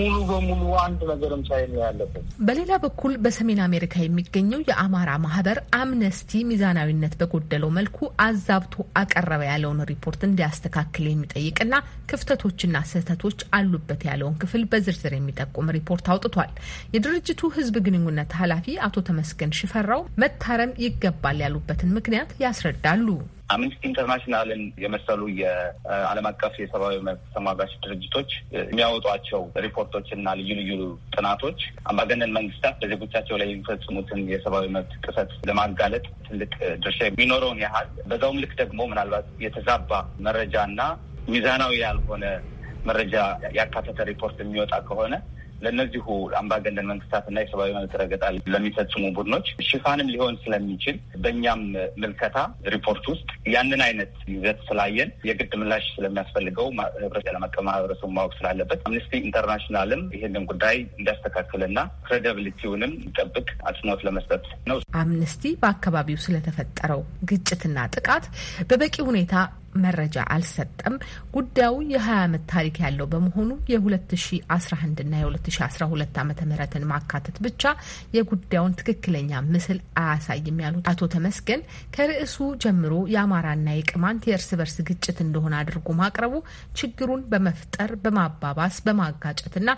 ሙሉ በሙሉ አንድ ነገርም ሳይ ነው ያለበት። በሌላ በኩል በሰሜን አሜሪካ የሚገኘው የአማራ ማህበር አምነስቲ ሚዛናዊነት በጎደለው መልኩ አዛብቶ አቀረበ ያለውን ሪፖርት እንዲያስተካክል የሚጠይቅና ክፍተቶችና ስህተቶች አሉበት ያለውን ክፍል በዝርዝር የሚጠቁም ሪፖርት አውጥቷል። የድርጅቱ ህዝብ ግንኙነት ኃላፊ አቶ ተመስገን ሽፈራው መታረም ይገባል ያሉበትን ምክንያት ያስረዳሉ። አምነስቲ ኢንተርናሽናልን የመሰሉ የዓለም አቀፍ የሰብአዊ መብት ተሟጋች ድርጅቶች የሚያወጧቸው ሪፖርቶች እና ልዩ ልዩ ጥናቶች አምባገነን መንግስታት በዜጎቻቸው ላይ የሚፈጽሙትን የሰብአዊ መብት ጥሰት ለማጋለጥ ትልቅ ድርሻ የሚኖረውን ያህል በዛውም ልክ ደግሞ ምናልባት የተዛባ መረጃ እና ሚዛናዊ ያልሆነ መረጃ ያካተተ ሪፖርት የሚወጣ ከሆነ ለእነዚሁ አምባገነን መንግስታትና የሰብአዊ መብት ረገጣ ለሚፈጽሙ ቡድኖች ሽፋንም ሊሆን ስለሚችል በእኛም ምልከታ ሪፖርት ውስጥ ያንን አይነት ይዘት ስላየን የግድ ምላሽ ስለሚያስፈልገው ህብረት አቀፍ ማህበረሰቡ ማወቅ ስላለበት አምነስቲ ኢንተርናሽናልም ይህንን ጉዳይ እንዲያስተካክልና ክሬዲብሊቲውንም ይጠብቅ አጽንኦት ለመስጠት ነው። አምነስቲ በአካባቢው ስለተፈጠረው ግጭትና ጥቃት በበቂ ሁኔታ መረጃ አልሰጠም። ጉዳዩ የ20 ዓመት ታሪክ ያለው በመሆኑ የ2011 ና የ2012 ዓ ምትን ማካተት ብቻ የጉዳዩን ትክክለኛ ምስል አያሳይም ያሉት አቶ ተመስገን ከርዕሱ ጀምሮ የአማራና የቅማንት የእርስ በርስ ግጭት እንደሆነ አድርጎ ማቅረቡ ችግሩን በመፍጠር በማባባስ በማጋጨትና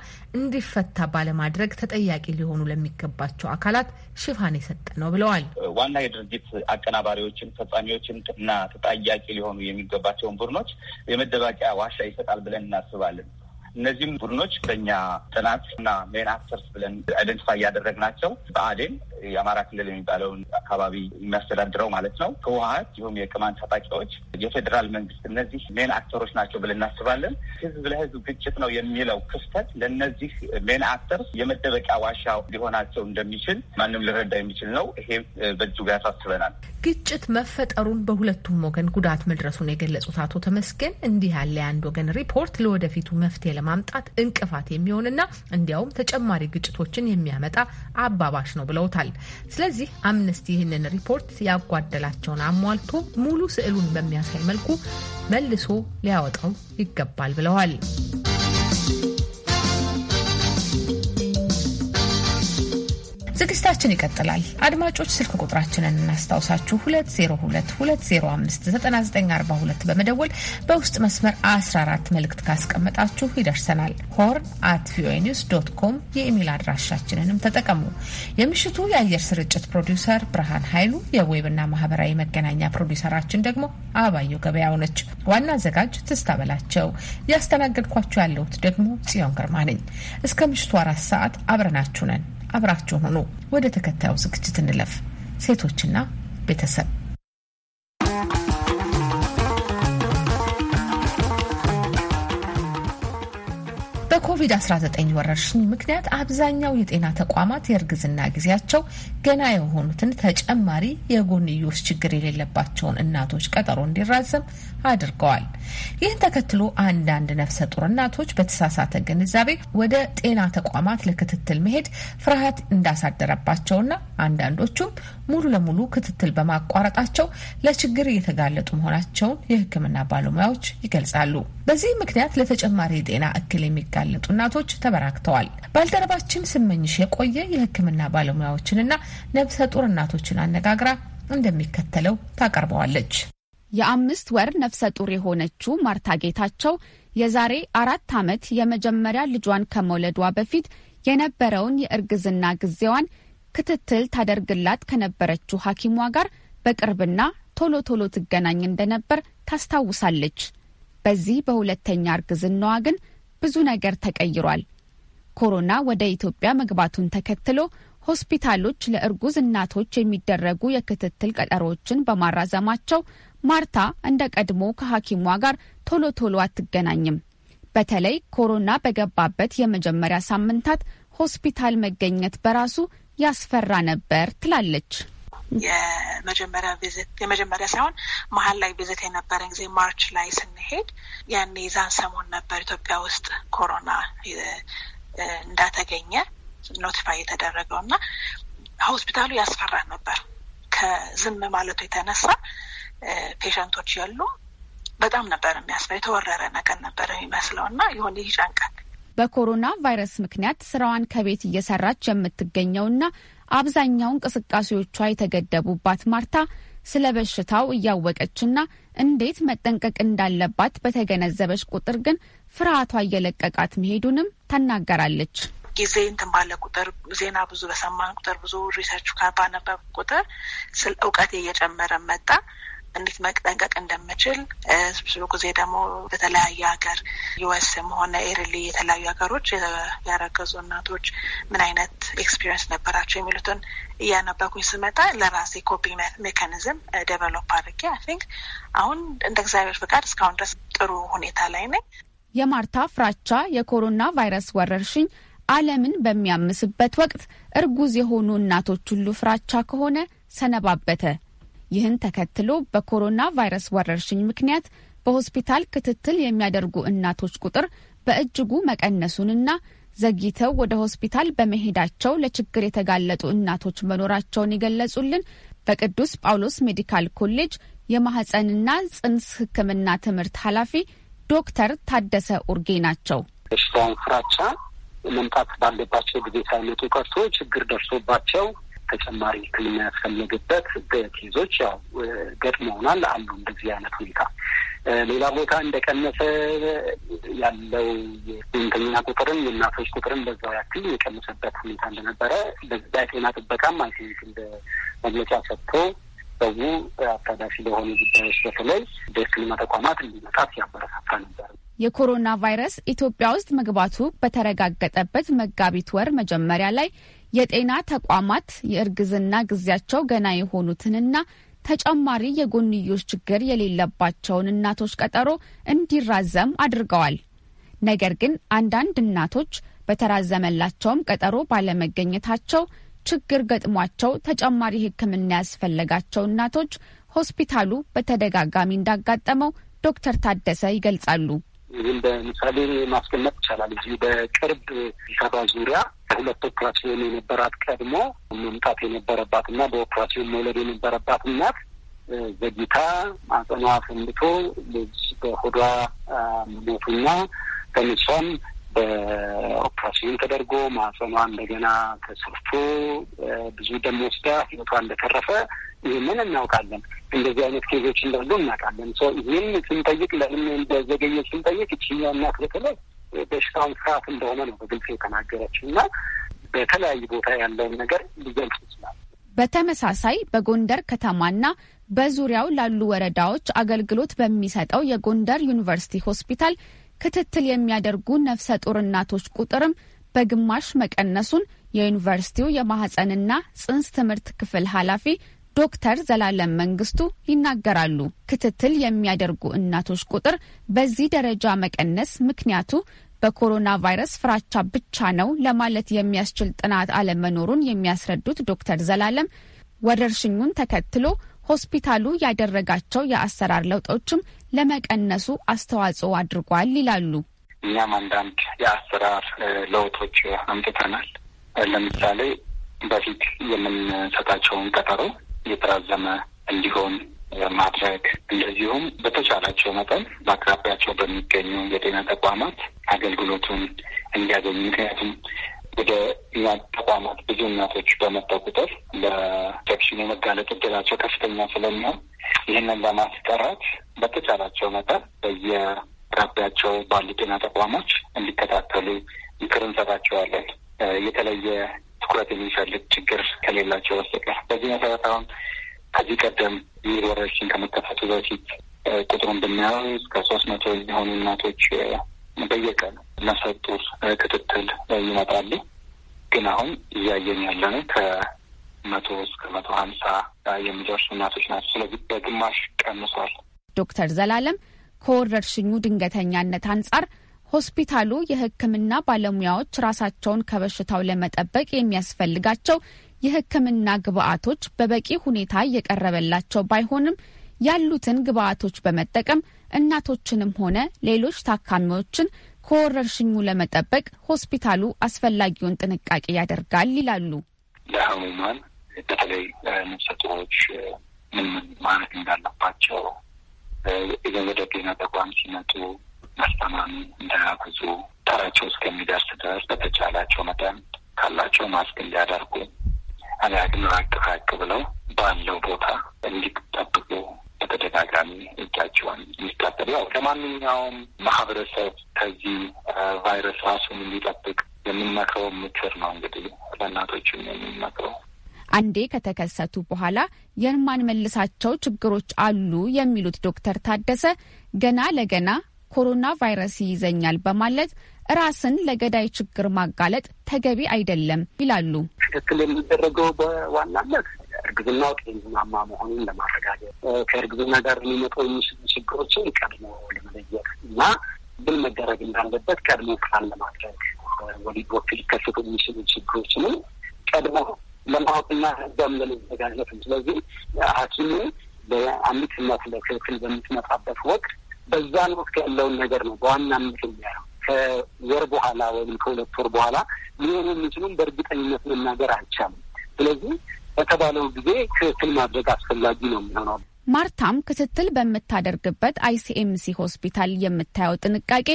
እንዲፈታ ባለማድረግ ተጠያቂ ሊሆኑ ለሚገባቸው አካላት ሽፋን የሰጠ ነው ብለዋል። ዋና የድርጅት አቀናባሪዎችን፣ ፈጻሚዎችን እና ተጠያቂ ሊሆኑ የሚገባቸውን ቡድኖች የመደባቂያ ዋሻ ይሰጣል ብለን እናስባለን። እነዚህም ቡድኖች በእኛ ጥናት እና ሜን አክተርስ ብለን አይደንቲፋይ ናቸው። በአዴን የአማራ ክልል የሚባለውን አካባቢ የሚያስተዳድረው ማለት ነው፣ ህወሀት፣ ይሁም የቅማን ታጣቂዎች፣ የፌዴራል መንግስት እነዚህ ሜን አክተሮች ናቸው ብለን እናስባለን። ህዝብ ለህዝብ ግጭት ነው የሚለው ክፍተት ለእነዚህ ሜን አክተርስ የመደበቂያ ዋሻ ሊሆናቸው እንደሚችል ማንም ሊረዳ የሚችል ነው። ይሄ ጋር ያሳስበናል። ግጭት መፈጠሩን በሁለቱም ወገን ጉዳት መድረሱን የገለጹት አቶ ተመስገን እንዲህ ያለ የአንድ ወገን ሪፖርት ለወደፊቱ መፍትሄ ለማምጣት እንቅፋት የሚሆንና እንዲያውም ተጨማሪ ግጭቶችን የሚያመጣ አባባሽ ነው ብለውታል። ስለዚህ አምነስቲ ይህንን ሪፖርት ያጓደላቸውን አሟልቶ ሙሉ ስዕሉን በሚያሳይ መልኩ መልሶ ሊያወጣው ይገባል ብለዋል። ዝግጅታችን ይቀጥላል። አድማጮች ስልክ ቁጥራችንን እናስታውሳችሁ 2022059942 በመደወል በውስጥ መስመር 14 መልእክት ካስቀመጣችሁ ይደርሰናል። ሆርን አት ቪኦኤ ኒውስ ዶት ኮም የኢሜል አድራሻችንንም ተጠቀሙ። የምሽቱ የአየር ስርጭት ፕሮዲውሰር ብርሃን ኃይሉ፣ የዌብና ማህበራዊ መገናኛ ፕሮዲውሰራችን ደግሞ አበባየው ገበያው ነች። ዋና አዘጋጅ ትስታ በላቸው፣ ያስተናገድኳችሁ ያለሁት ደግሞ ጽዮን ግርማ ነኝ። እስከ ምሽቱ አራት ሰዓት አብረናችሁ ነን። አብራችሁ ሆኖ ወደ ተከታዩ ዝግጅት እንለፍ። ሴቶችና ቤተሰብ በኮቪድ-19 ወረርሽኝ ምክንያት አብዛኛው የጤና ተቋማት የእርግዝና ጊዜያቸው ገና የሆኑትን ተጨማሪ የጎንዮሽ ችግር የሌለባቸውን እናቶች ቀጠሮ እንዲራዘም አድርገዋል። ይህን ተከትሎ አንዳንድ ነፍሰ ጡር እናቶች በተሳሳተ ግንዛቤ ወደ ጤና ተቋማት ለክትትል መሄድ ፍርሃት እንዳሳደረባቸውና አንዳንዶቹም ሙሉ ለሙሉ ክትትል በማቋረጣቸው ለችግር እየተጋለጡ መሆናቸውን የሕክምና ባለሙያዎች ይገልጻሉ። በዚህ ምክንያት ለተጨማሪ የጤና እክል የሚጋለጡ እናቶች ተበራክተዋል። ባልደረባችን ስመኝሽ የቆየ የሕክምና ባለሙያዎችንና ነፍሰ ጡር እናቶችን አነጋግራ እንደሚከተለው ታቀርበዋለች። የአምስት ወር ነፍሰ ጡር የሆነችው ማርታ ጌታቸው የዛሬ አራት ዓመት የመጀመሪያ ልጇን ከመውለዷ በፊት የነበረውን የእርግዝና ጊዜዋን ክትትል ታደርግላት ከነበረችው ሐኪሟ ጋር በቅርብና ቶሎ ቶሎ ትገናኝ እንደነበር ታስታውሳለች። በዚህ በሁለተኛ እርግዝናዋ ግን ብዙ ነገር ተቀይሯል። ኮሮና ወደ ኢትዮጵያ መግባቱን ተከትሎ ሆስፒታሎች ለእርጉዝ እናቶች የሚደረጉ የክትትል ቀጠሮዎችን በማራዘማቸው ማርታ እንደ ቀድሞ ከሐኪሟ ጋር ቶሎ ቶሎ አትገናኝም። በተለይ ኮሮና በገባበት የመጀመሪያ ሳምንታት ሆስፒታል መገኘት በራሱ ያስፈራ ነበር ትላለች። የመጀመሪያ ቪዝት የመጀመሪያ ሳይሆን መሀል ላይ ቪዝት የነበረን ጊዜ ማርች ላይ ስንሄድ ያኔ ዛን ሰሞን ነበር ኢትዮጵያ ውስጥ ኮሮና እንዳተገኘ ኖቲፋይ የተደረገው እና ሆስፒታሉ ያስፈራ ነበር ከዝም ማለቱ የተነሳ ፔሸንቶች ያሉ በጣም ነበር የሚያስበው። የተወረረ ነገር ነበር የሚመስለው እና የሆነ ይጨንቃል። በኮሮና ቫይረስ ምክንያት ስራዋን ከቤት እየሰራች የምትገኘውና አብዛኛው እንቅስቃሴዎቿ የተገደቡባት ማርታ ስለ በሽታው እያወቀችና እንዴት መጠንቀቅ እንዳለባት በተገነዘበች ቁጥር ግን ፍርሃቷ እየለቀቃት መሄዱንም ተናገራለች። ጊዜ እንትን ባለ ቁጥር ዜና ብዙ በሰማን ቁጥር ብዙ ሪሰርች ባነበብ ቁጥር ስለ እውቀቴ እየጨመረ መጣ። እንዴት መጠንቀቅ እንደምችል ብዙ ጊዜ ደግሞ በተለያየ ሀገር ዩኤስም ሆነ ኤርሊ የተለያዩ ሀገሮች ያረገዙ እናቶች ምን አይነት ኤክስፒሪየንስ ነበራቸው የሚሉትን እያነበኩኝ ስመጣ ለራሴ ኮፒ ሜካኒዝም ዴቨሎፕ አድርጌ አይ ቲንክ አሁን እንደ እግዚአብሔር ፍቃድ እስካሁን ድረስ ጥሩ ሁኔታ ላይ ነኝ። የማርታ ፍራቻ የኮሮና ቫይረስ ወረርሽኝ ዓለምን በሚያምስበት ወቅት እርጉዝ የሆኑ እናቶች ሁሉ ፍራቻ ከሆነ ሰነባበተ። ይህን ተከትሎ በኮሮና ቫይረስ ወረርሽኝ ምክንያት በሆስፒታል ክትትል የሚያደርጉ እናቶች ቁጥር በእጅጉ መቀነሱንና ዘግይተው ወደ ሆስፒታል በመሄዳቸው ለችግር የተጋለጡ እናቶች መኖራቸውን የገለጹልን በቅዱስ ጳውሎስ ሜዲካል ኮሌጅ የማህፀንና ጽንስ ሕክምና ትምህርት ኃላፊ ዶክተር ታደሰ ኡርጌ ናቸው። በሽታውን ፍራቻ መምጣት ባለባቸው ጊዜ ሳይመጡ ቀርቶ ችግር ደርሶባቸው ተጨማሪ ሕክምና ያስፈለግበት ኬዞች ያው ገጥመውናል አሉ። እንደዚህ አይነት ሁኔታ ሌላ ቦታ እንደቀነሰ ያለው የህመምተኛ ቁጥርም የእናቶች ቁጥርም በዛው ያክል የቀነሰበት ሁኔታ እንደነበረ በዛ የጤና ጥበቃም አይ ቲንክ እንደ መግለጫ ሰጥቶ ሰው አታዳፊ ለሆኑ ጉዳዮች በተለይ በሕክምና ተቋማት እንዲመጣ ሲያበረታታ ነበር። የኮሮና ቫይረስ ኢትዮጵያ ውስጥ መግባቱ በተረጋገጠበት መጋቢት ወር መጀመሪያ ላይ የጤና ተቋማት የእርግዝና ጊዜያቸው ገና የሆኑትንና ተጨማሪ የጎንዮሽ ችግር የሌለባቸውን እናቶች ቀጠሮ እንዲራዘም አድርገዋል። ነገር ግን አንዳንድ እናቶች በተራዘመላቸውም ቀጠሮ ባለመገኘታቸው ችግር ገጥሟቸው ተጨማሪ ሕክምና ያስፈለጋቸው እናቶች ሆስፒታሉ በተደጋጋሚ እንዳጋጠመው ዶክተር ታደሰ ይገልጻሉ። ይህም በምሳሌ ማስቀመጥ ይቻላል። እዚሁ በቅርብ አዲስ አበባ ዙሪያ ሁለት ኦፕራሲዮን የነበራት ቀድሞ መምጣት የነበረባት እና በኦፕራሲዮን መውለድ የነበረባት እናት ዘግይታ ማጸኗ ፈንድቶ ልጅ በሆዷ ሞቱና ተንሷም በኦፕራሲዮን ተደርጎ ማጸኗ እንደገና ተሰርቶ ብዙ ደም ወስዳ ህይወቷ እንደተረፈ ይህንን እናውቃለን። እንደዚህ አይነት ኬዞች እንዳሉ እናውቃለን። ይህን ስንጠይቅ ለምን እንደዘገየ ስንጠይቅ ይችኛ እናት በተለይ በሽታውን ስርዓት እንደሆነ ነው በግልጽ የተናገረችው እና በተለያዩ ቦታ ያለውን ነገር ሊገልጽ ይችላል። በተመሳሳይ በጎንደር ከተማና በዙሪያው ላሉ ወረዳዎች አገልግሎት በሚሰጠው የጎንደር ዩኒቨርሲቲ ሆስፒታል ክትትል የሚያደርጉ ነፍሰ ጡር እናቶች ቁጥርም በግማሽ መቀነሱን የዩኒቨርሲቲው የማህፀንና ጽንስ ትምህርት ክፍል ኃላፊ ዶክተር ዘላለም መንግስቱ ይናገራሉ። ክትትል የሚያደርጉ እናቶች ቁጥር በዚህ ደረጃ መቀነስ ምክንያቱ በኮሮና ቫይረስ ፍራቻ ብቻ ነው ለማለት የሚያስችል ጥናት አለመኖሩን የሚያስረዱት ዶክተር ዘላለም ወረርሽኙን ተከትሎ ሆስፒታሉ ያደረጋቸው የአሰራር ለውጦችም ለመቀነሱ አስተዋጽኦ አድርጓል ይላሉ። እኛም አንዳንድ የአሰራር ለውጦች አምጥተናል። ለምሳሌ በፊት የምንሰጣቸውን ቀጠሮ የተራዘመ እንዲሆን ማድረግ እንደዚሁም በተቻላቸው መጠን በአቅራቢያቸው በሚገኙ የጤና ተቋማት አገልግሎቱን እንዲያገኙ ምክንያቱም ወደ እኛ ተቋማት ብዙ እናቶች በመጣ ቁጥር ለኢንፌክሽን የመጋለጥ እድላቸው ከፍተኛ ስለሚሆን ይህንን ለማስቀረት በተቻላቸው መጠን በየአቅራቢያቸው ባሉ ጤና ተቋሞች እንዲከታተሉ ምክር እንሰጣቸዋለን። የተለየ ትኩረት የሚፈልግ ችግር ከሌላቸው በስተቀር በዚህ መሰረት አሁን ከዚህ ቀደም ይህ ወረርሽኝ ከመከፈቱ በፊት ቁጥሩን ብናየው እስከ ሶስት መቶ የሚሆኑ እናቶች በየቀን ነፍሰ ጡር ክትትል ይመጣሉ። ግን አሁን እያየን ያለነው ከመቶ እስከ መቶ ሀምሳ የሚደርሱ እናቶች ናቸው። ስለዚህ በግማሽ ቀንሷል። ዶክተር ዘላለም ከወረርሽኙ ድንገተኛነት አንጻር ሆስፒታሉ የሕክምና ባለሙያዎች ራሳቸውን ከበሽታው ለመጠበቅ የሚያስፈልጋቸው የሕክምና ግብአቶች በበቂ ሁኔታ እየቀረበላቸው ባይሆንም ያሉትን ግብአቶች በመጠቀም እናቶችንም ሆነ ሌሎች ታካሚዎችን ከወረርሽኙ ለመጠበቅ ሆስፒታሉ አስፈላጊውን ጥንቃቄ ያደርጋል ይላሉ። ለህሙማን በተለይ ነፍሰ ጡሮች ምን ምን ማለት እንዳለባቸው ወደ ጤና ተቋም ሲመጡ አስተማሚ እንዳያጉዙ ተራቸው እስከሚደርስ ድረስ በተቻላቸው መጠን ካላቸው ማስክ እንዲያደርጉ አሊያ ራቅ ራቅ ብለው ባለው ቦታ እንዲጠብቁ በተደጋጋሚ እጃቸውን እንዲታጠቡ ያው ለማንኛውም ማህበረሰብ ከዚህ ቫይረስ ራሱን እንዲጠብቅ የምንመክረው ምክር ነው። እንግዲህ ለእናቶችም የምንመክረው አንዴ ከተከሰቱ በኋላ የማንመልሳቸው ችግሮች አሉ የሚሉት ዶክተር ታደሰ ገና ለገና ኮሮና ቫይረስ ይይዘኛል በማለት ራስን ለገዳይ ችግር ማጋለጥ ተገቢ አይደለም ይላሉ። ትክክል የሚደረገው በዋናነት እርግዝና ጤናማ መሆኑን ለማረጋገጥ ከእርግዝና ጋር የሚመጡ የሚችሉ ችግሮችን ቀድሞ ለመለየት እና ምን መደረግ እንዳለበት ቀድሞ ፕላን ለማድረግ ወሊድ ወቅት ሊከሰቱ የሚችሉ ችግሮችንም ቀድሞ ለማወቅና ህዛም ለመዘጋጀት። ስለዚህ ሐኪሙ በአምትነት ለክልክል በምትመጣበት ወቅት በዛን ወቅት ያለውን ነገር ነው በዋናነት የሚያየው። ከወር በኋላ ወይም ከሁለት ወር በኋላ ሊሆኑ የሚችሉም በእርግጠኝነት መናገር አይቻልም። ስለዚህ በተባለው ጊዜ ክትትል ማድረግ አስፈላጊ ነው የሚሆነው። ማርታም ክትትል በምታደርግበት አይሲኤምሲ ሆስፒታል የምታየው ጥንቃቄ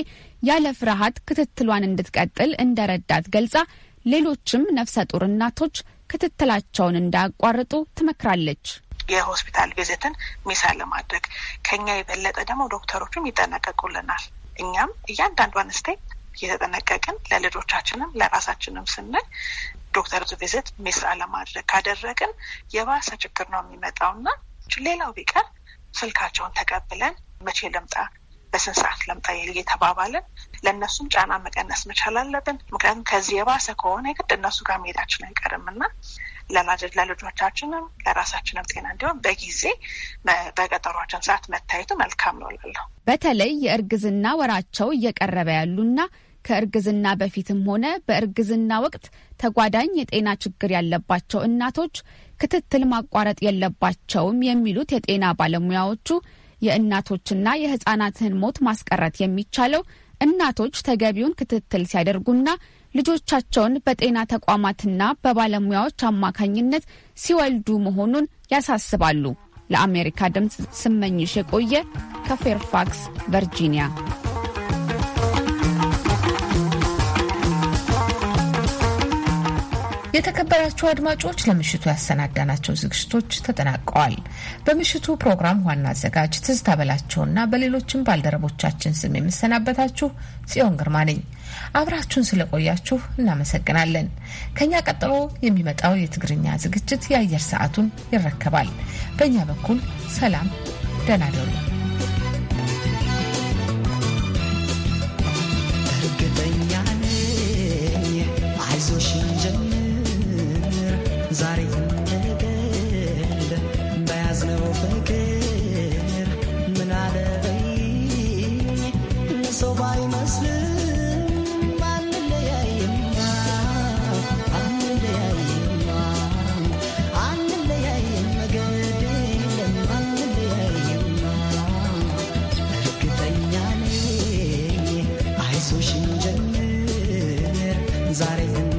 ያለ ፍርሃት ክትትሏን እንድትቀጥል እንደረዳት ገልጻ ሌሎችም ነፍሰ ጡር እናቶች ክትትላቸውን እንዳያቋርጡ ትመክራለች። የሆስፒታል ቪዚትን ሚሳ ለማድረግ ከኛ የበለጠ ደግሞ ዶክተሮቹም ይጠነቀቁልናል። እኛም እያንዳንዷን አንስቴ እየተጠነቀቅን ለልጆቻችንም ለራሳችንም ስንል ዶክተር ቪዝት ሚስ ለማድረግ ካደረግን የባሰ ችግር ነው የሚመጣውና ሌላው ቢቀር ስልካቸውን ተቀብለን መቼ ልምጣ በስንት ሰዓት ለምጣ እየተባባልን ለእነሱም ጫና መቀነስ መቻል አለብን። ምክንያቱም ከዚህ የባሰ ከሆነ የግድ እነሱ ጋር መሄዳችን አይቀርም እና ለማድረግ ለልጆቻችንም ለራሳችንም ጤና እንዲሆን በጊዜ በቀጠሯችን ሰዓት መታየቱ መልካም ነው እላለሁ። በተለይ የእርግዝና ወራቸው እየቀረበ ያሉና ከእርግዝና በፊትም ሆነ በእርግዝና ወቅት ተጓዳኝ የጤና ችግር ያለባቸው እናቶች ክትትል ማቋረጥ የለባቸውም የሚሉት የጤና ባለሙያዎቹ የእናቶችና የሕጻናትን ሞት ማስቀረት የሚቻለው እናቶች ተገቢውን ክትትል ሲያደርጉና ልጆቻቸውን በጤና ተቋማትና በባለሙያዎች አማካኝነት ሲወልዱ መሆኑን ያሳስባሉ። ለአሜሪካ ድምፅ ስመኝሽ የቆየ ከፌርፋክስ ቨርጂኒያ። የተከበራችሁ አድማጮች ለምሽቱ ያሰናዳናቸው ዝግጅቶች ተጠናቀዋል። በምሽቱ ፕሮግራም ዋና አዘጋጅ ትዝታ በላቸውና በሌሎችም ባልደረቦቻችን ስም የምሰናበታችሁ ጽዮን ግርማ ነኝ። አብራችሁን ስለቆያችሁ እናመሰግናለን። ከኛ ቀጥሎ የሚመጣው የትግርኛ ዝግጅት የአየር ሰዓቱን ይረከባል። በእኛ በኩል ሰላም፣ ደህና ደሩ። ዛሬ ከአዲሱ ሽንጀምር ዛሬ